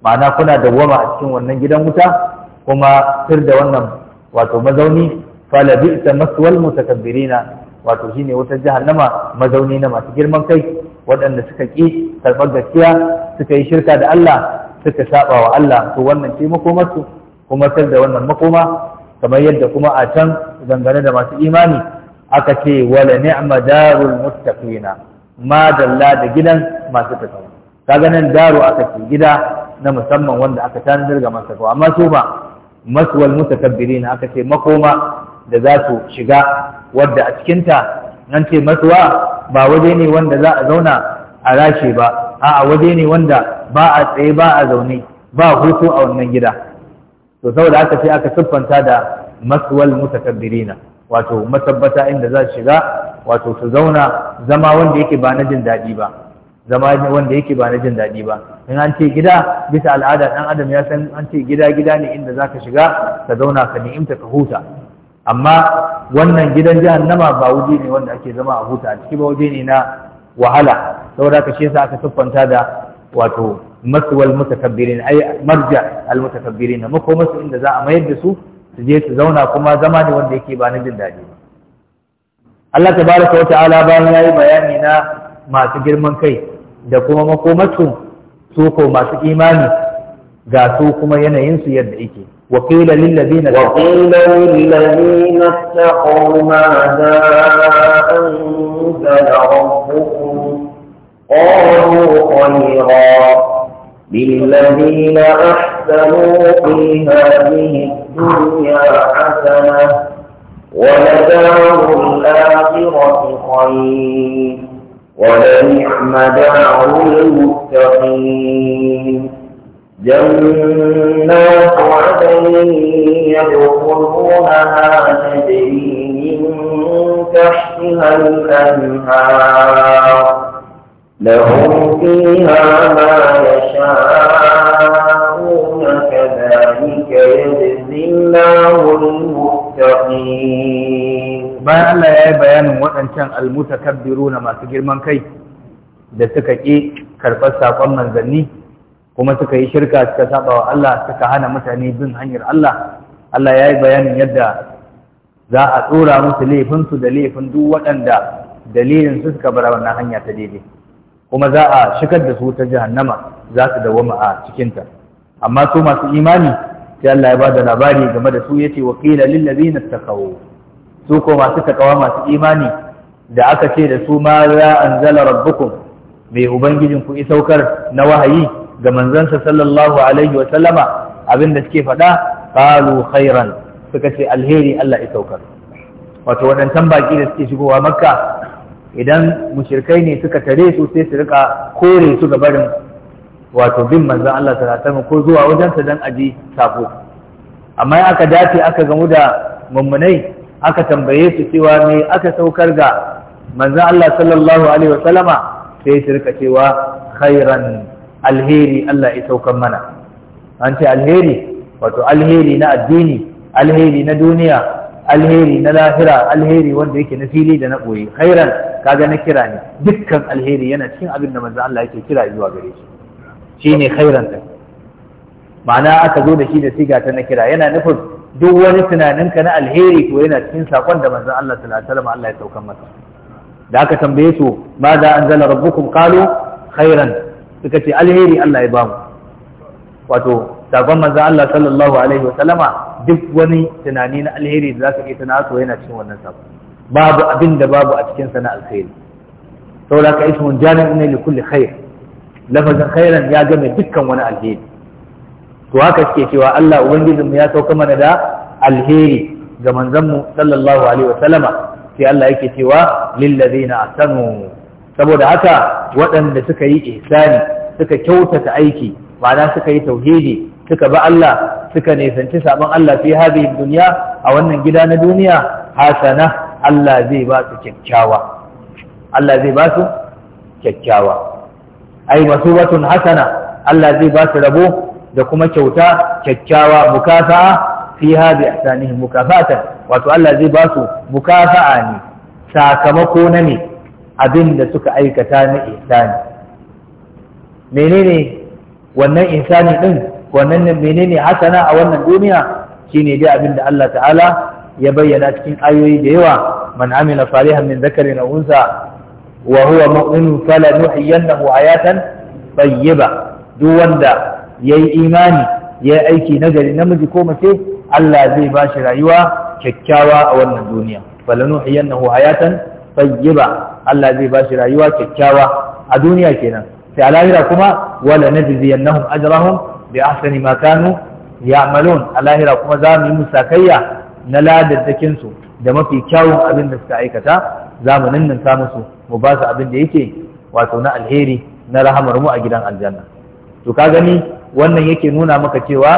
ma'ana kuna dawwama a cikin wannan gidan wuta kuma fir da wannan wato mazauni fala bi'sa maswal mutakabbirina wato shine wutar jahannama mazauni na masu girman kai waɗanda suka ƙi karɓar gaskiya suka yi shirka da Allah suka saba wa Allah to wannan ce makomarsu kuma fir da wannan makoma kamar yadda kuma a can dangane da masu imani aka ce wala ni'ma darul muttaqina ma dalla da gidan masu takawa kaga nan Daru aka ce gida na musamman wanda aka tanadar ga masu takawa amma su ba maswal mutakabbirin aka ce makoma da za su shiga wadda a cikinta nan ce masuwa ba waje ne wanda za a zauna a rashe ba A'a waje ne wanda ba a tsaye ba a zaune ba hutu a wannan gida to saboda aka ce aka siffanta da maswal mutakabbirin wato matabbata inda za shiga wato su zauna zama wanda yake ba na jin daɗi ba zama wanda yake ba na jin daɗi ba in an ce gida bisa al'ada ɗan adam ya san an ce gida gida ne inda za ka shiga ka zauna ka ni'imta ka huta amma wannan gidan jahannama ba waje ne wanda ake zama a huta a ciki ba waje ne na wahala saboda ka shi yasa aka siffanta da wato maswal mutakabbirin ay marja al mutakabbirin makomasu inda za a mayar da su su je su zauna kuma zama ne wanda yake ba na jin daɗi ba Allah tabaraka wa ta'ala bayan yi bayani na masu girman kai da kuma makomatu su ko masu imani ga su kuma yanayin su yadda yake وقيل للذين وقيل للذين اتقوا ماذا أنزل ربكم قالوا خيرا للذين أحسنوا أحسنوا في هذه الدنيا حسنة ولدار الآخرة خير ولنعم دار المتقين جنات عدن يدخلونها تجري من تحتها الأنهار لهم فيها ما يشاءون وكذلك يجزي الله المتقين bayan Allah ya yi bayanin waɗancan almutakabbiru na masu girman kai da suka ƙi karɓar saƙon manzanni kuma suka yi shirka suka saba wa Allah suka hana mutane bin hanyar Allah Allah ya yi bayanin yadda za a tsora musu laifinsu da laifin duk waɗanda su suka bar wannan hanya ta daidai kuma za a shigar da su ta jahannama za su dawwama a cikinta amma su masu imani sai Allah ya bada labari game da su yace wa qila lil ladina taqaw su ko masu takawa masu imani da aka ce da su ma za anzala rabbukum mai ubangijin ku isaukar na wahayi ga manzansa sallallahu alaihi wa sallama abinda suke faɗa qalu khairan suka ce alheri Allah isaukar wato wadantan baki da suke shigowa makka idan mushirkai ne suka tare su sai su rika kore su ga barin wato bin manzan Allah sallallahu ko zuwa wajensa dan aji sako amma in aka dace aka gamu da mummunai aka tambaye su cewa me aka saukar ga manzan Allah sallallahu alaihi wasallama sai su rika cewa khairan alheri Allah ya saukar mana an ce alheri wato alheri na addini alheri na duniya alheri na lahira alheri wanda yake na fili da na ɓoye khairan kaga na kira ne dukkan alheri yana cikin abin da manzo Allah yake kira zuwa gare shi Shi ne din ma'ana aka zo da shi da siga ta na kira yana nufin duk wani tunanin ka na alheri to yana cikin sakon da manzon Allah sallallahu alaihi Allah ya saukan masa da aka tambaye su ma da anzala rabbukum qalu khairan suka ce alheri Allah ya bamu wato sakon manzon Allah sallallahu alaihi wasallama duk wani tunani na alheri da zaka iya tunawa to yana cikin wannan sakon babu abin da babu a cikin sa na alheri saboda ka ismun jami'un ne li kulli khair lafazin khairan ya game dukkan wani alheri to haka suke cewa Allah ubangijinmu ya sauka mana da alheri ga manzanmu sallallahu alaihi wasallama sai Allah yake cewa lillazina ahsanu saboda haka waɗanda suka yi ihsani suka kyautata aiki ma'ana suka yi tauhidi suka ba Allah suka nisanci sabon Allah fi hadhihi dunya a wannan gida na duniya hasana Allah zai ba su kyakkyawa Allah zai ba su kyakkyawa ai masubatun hasana Allah zai ba su rabo da kuma kyauta kyakkyawa mukafa'a fiha bi ihsanihim mukafatan wato Allah zai ba su mukafa'a ne sakamako na ne abin da suka aikata na ihsani menene wannan ihsani din wannan menene hasana a wannan duniya shine dai abin da Allah ta'ala ya bayyana cikin ayoyi da yawa man amila salihan min dhakarin aw unsa wa huwa mu'min fala nuhyiyannahu hayatan tayyiba duk wanda yayi imani yayi aiki nagari namiji ko mace Allah zai bashi rayuwa kyakkyawa a wannan duniya fala nuhyiyannahu hayatan tayyiba Allah zai bashi rayuwa kyakkyawa a duniya kenan sai a lahira kuma wala najziyannahum ajrahum bi ahsani ma kanu ya'malun a lahira kuma za mu yi musakayya na ladaddakin su da mafi kyawun abin da suka aikata za mu ninninka musu mu ba su abin da yake wato na alheri na rahamar mu a gidan aljanna to ka gani wannan yake nuna maka cewa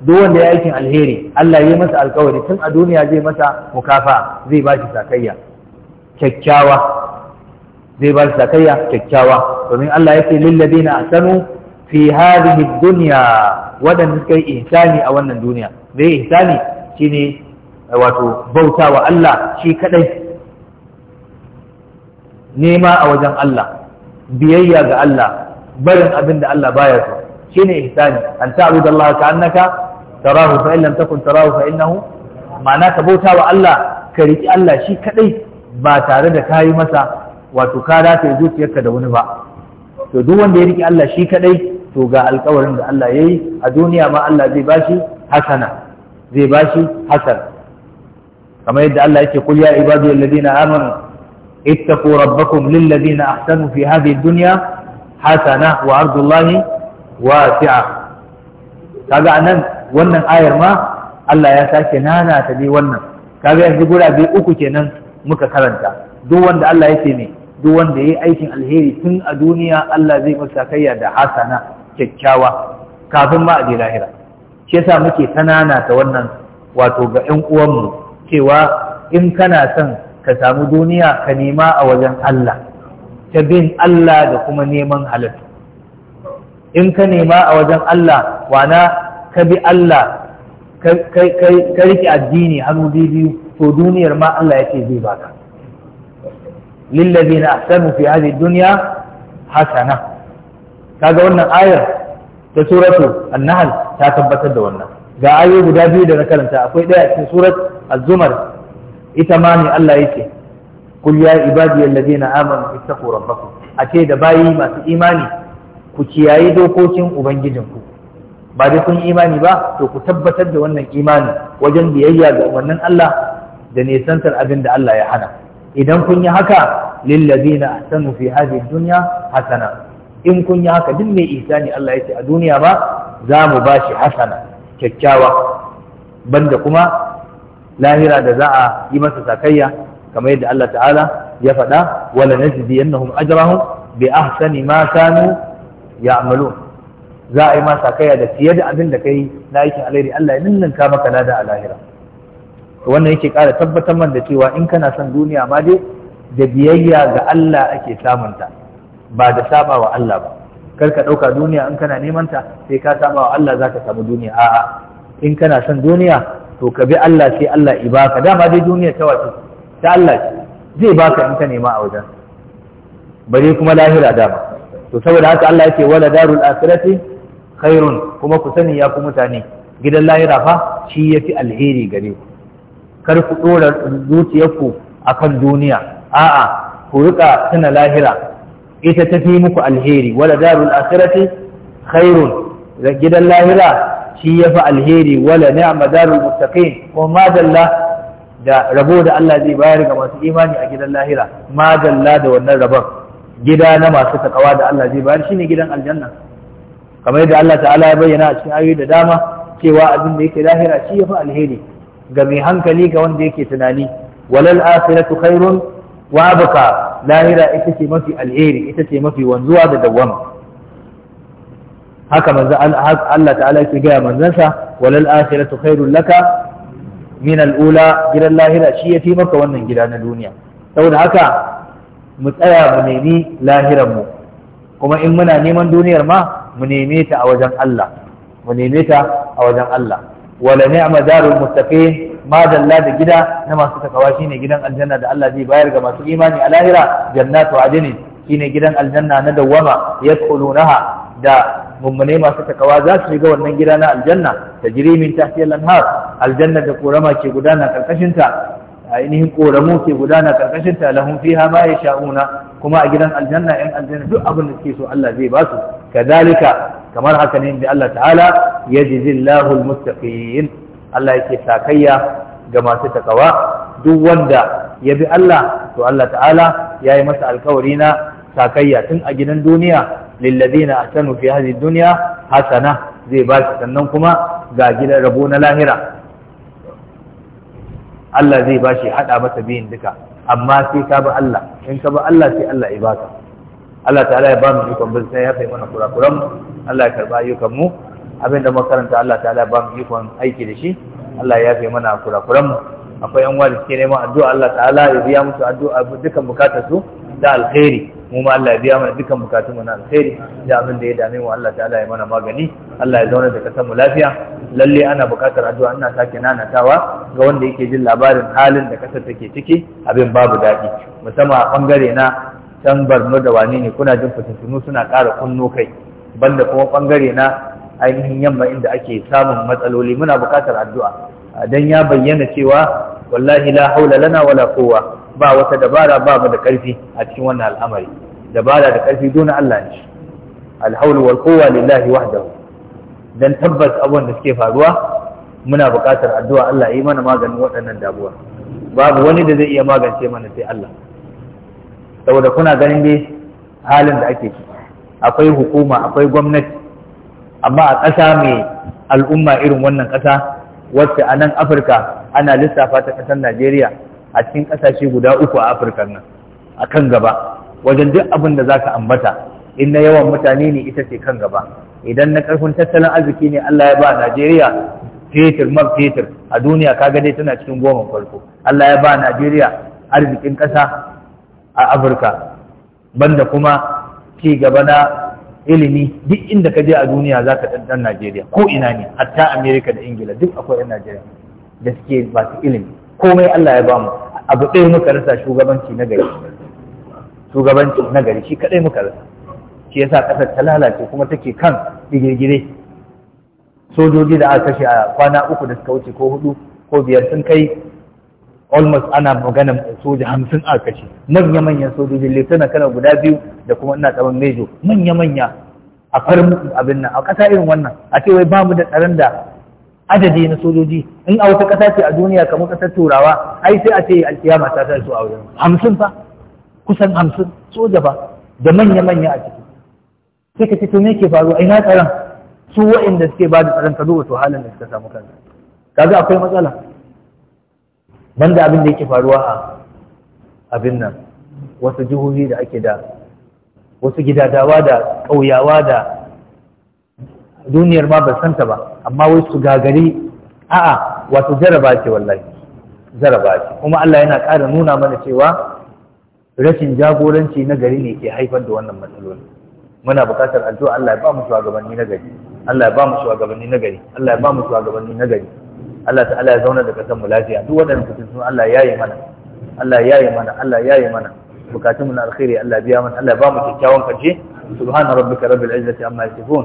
duk wanda ya aikin alheri Allah ya yi masa alkawari tun a duniya zai masa mukafa zai ba shi sakayya kyakkyawa zai ba shi sakayya kyakkyawa domin Allah ya ce lilladina ahsanu fi hadhihi dunya wadanda suka yi ihsani a wannan duniya me ihsani shine wato bautawa Allah shi kadai nema a wajen Allah biyayya ga Allah barin abin da Allah baya so shine ihsani an ta'budu Allah ka annaka tarahu fa in takun tarahu fa innahu ma'ana ka bauta wa Allah ka riki Allah shi kadai ba tare da kayi masa wato ka rataye zuciyarka da wani ba to duk wanda ya riki Allah shi kadai to ga alkawarin da Allah ya yi a duniya ma Allah zai bashi hasana zai bashi hasana kamar yadda Allah yake kul ya ibadu alladhina amanu اتقوا ربكم للذين أحسنوا في هذه الدنيا حسنة وعرض الله واسعة kaga anan wannan ayar ma Allah ya sake nana ta bi wannan kaga yanzu gurabe uku kenan muka karanta duk wanda Allah yake ne duk wanda yayi aikin alheri tun a duniya Allah zai masa kayya da hasana kyakkyawa kafin ma a je lahira shi yasa muke tanana ta wannan wato ga ƴan uwanmu cewa in kana son ka samu duniya ka nema a wajen Allah ta bin Allah da kuma neman halatta in ka nema a wajen Allah wana ka bi Allah ka rike addini hannu biyu to duniyar ma Allah yake zai baka lillazina ahsanu fi hadhihi dunya hasana kaga wannan ayar ta suratu an-nahl ta tabbatar da wannan ga ayoyi guda biyu da na karanta akwai daya cikin surat az-zumar ita ma ne Allah yake kul ya ibadi ladina amanu ittaqu rabbakum ace da bayi masu imani ku kiyaye dokokin ubangijinku ba dai kun imani ba to ku tabbatar da wannan imani wajen biyayya ga umarnin Allah da nisantar abin da Allah ya hana idan kun yi haka lillazina ahsanu fi hadhihi dunya hasana in kun yi haka duk mai isani Allah ya ce a duniya ba za mu bashi hasana kyakkyawa banda kuma lahira da za a yi masa sakayya kamar yadda Allah ta'ala ya faɗa wala najziyannahum bai bi sani ma ya ya'malun za a yi ma sakayya da fiye da abin da kai na aikin alheri Allah ya ka maka lada a lahira wannan yake ƙara tabbatar man da cewa in kana son duniya ma dai da biyayya ga Allah ake samunta ba da saba wa Allah ba kar ka ɗauka duniya in kana neman ta sai ka saba wa Allah za ka samu duniya a'a in kana son duniya to ka bi Allah sai Allah i baka dama dai duniya ta ta Allah zai baka in ka nema a wajen bare kuma lahira dama to saboda haka Allah yake wala darul akhirati khairun kuma ku sani ya ku mutane gidan lahira fa shi yafi alheri gare ku kar ku dora zuciyarku akan duniya a'a ku rika tana lahira ita tafi muku alheri wala darul akhirati khairun gidan lahira shi ya fi alheri wala a darul muttaqin ko madalla da rabo da Allah zai bayar ga masu imani a gidan lahira madalla da wannan rabon gida na masu takawa da Allah zai bayar shine gidan aljanna kamar yadda Allah ta'ala ya bayyana a cikin ayoyi da dama cewa abin da yake lahira shi yafi alheri ga mai hankali ga wanda yake tunani walal akhiratu khairun wa abqa lahira ita ce mafi alheri ita ce mafi wanzuwa da dawwama haka manzo Allah ta'ala ke gaya manzansa walal akhiratu khairul laka min al-ula gidan lahira shi yafi maka wannan gida na duniya saboda haka mu tsaya mu nemi lahiran mu kuma in muna neman duniyar ma mu neme ta a wajen Allah mu neme ta a wajen Allah wala ni'ma darul muttaqin ma dalla da gida na masu takawa shine gidan aljanna da Allah zai bayar ga masu imani a lahira jannatu adnin shine gidan aljanna na dawwama yadkhulunaha da mummune masu takawa za su shiga wannan gida na aljanna ta jiri min tahtiyal anhar aljanna da korama ke gudana karkashin ta ainihin koramu ke gudana karkashin ta lahum fiha ma yasha'una kuma a gidan aljanna yan aljanna duk abin da suke so Allah zai ba su kadalika kamar haka ne da Allah ta'ala yajzillahu almuttaqin Allah yake sakayya ga masu takawa duk wanda ya bi Allah to Allah ta'ala ya yi masa alkawari na takayya tun a gidan duniya lillazina ahsanu fi hadhihi dunya hasana zai ba shi sannan kuma ga gidan rabo na lahira Allah zai ba shi hada masa biyin duka amma sai ka Allah in ka Allah sai Allah ya baka Allah ta'ala ya ba mu ikon bin sai ya fai mana kurakuran Allah ya karba ayyukan mu abinda makaranta Allah ta'ala ya ba aiki da shi Allah ya fai mana kurakuran mu akwai neman addu'a Allah ta'ala ya biya musu addu'a duka bukatar su da alheri. mu ma Allah ya biya mana dukkan bukatun mu na alkhairi da abin da ya dame mu Allah ta'ala ya mana magani Allah ya zauna da kasar mu lafiya lalle ana bukatar addu'a ina sake nanatawa ga wanda yake jin labarin halin da kasar take ciki abin babu daɗi musamman a bangare na can barno da wanene. ne kuna jin fitintunu suna ƙara kunno kai banda kuma bangare na ainihin yamma inda ake samun matsaloli muna bukatar addu'a dan ya bayyana cewa wallahi la haula lana wala kowa. ba wata dabara ba mu da ƙarfi a cikin wannan al'amari dabara da ƙarfi don Allah ne alhaul wal quwwa lillahi wahdahu dan tabbas abun da suke faruwa muna buƙatar addu'a Allah yi mana maganin waɗannan damuwa babu wani da zai iya magance mana sai Allah saboda kuna ganin dai halin da ake ciki akwai hukuma akwai gwamnati amma a ƙasa mai al'umma irin wannan ƙasa wacce a nan afirka ana lissafa ta ƙasar najeriya a cikin ƙasashe guda uku a afirka nan a kan gaba wajen duk abin da za ka ambata in na yawan mutane ne ita ce kan gaba idan na karfin tattalin arziki ne allah ya ba najeriya fetur man fetur a duniya ka gane tana cikin goma farko allah ya ba najeriya arzikin kasa a afirka banda kuma ci gaba na ilimi duk inda ka je a duniya za ka najeriya ko ina ne hatta amerika da ingila duk akwai 'yan najeriya da suke su ilimi komai Allah ya bamu abu ɗaya muka rasa shugabanci na gari shugabanci na gari shi kaɗai muka rasa shi yasa ƙasar ta lalace kuma take kan digirgire sojoji da aka kashe a kwana uku da suka wuce ko hudu ko biyar sun kai almost ana magana soja hamsin aka kashe manya-manyan sojoji lieutenant kana guda biyu da kuma ina tsaron mejo manya-manya a farin abin nan a ƙasa irin wannan a ce wai ba mu da tsaron da adadi na sojoji in a wata ƙasa ce a duniya kamar ƙasar turawa ai sai a ce alkiyama ta taso a wajen hamsin fa kusan hamsin soja ba da manya-manya a ciki sai ka ce to me ke faruwa ina tsaron su waɗanda suke ba da tsaron ka duba to halin da suka samu kansu kaga akwai matsala banda abin da yake faruwa a abin nan wasu jihohi da ake da wasu gidadawa da ƙauyawa da duniyar ma ba santa ba amma wai su gagari a'a wato jaraba ce wallahi jaraba ce kuma Allah yana ƙara nuna mana cewa rashin jagoranci na gari ne ke haifar da wannan matsaloli muna buƙatar addu'a Allah ya ba mu shugabanni na gari Allah ya ba mu shugabanni na gari Allah ya ba mu shugabanni na gari Allah ta'ala ya zauna da kasan mu lafiya duk waɗannan fitintun Allah ya yi mana Allah ya mana Allah ya mana bukatun mu na alkhairi Allah biya mana Allah ya ba mu kyakkyawan karshe subhana rabbika rabbil izzati amma yasifun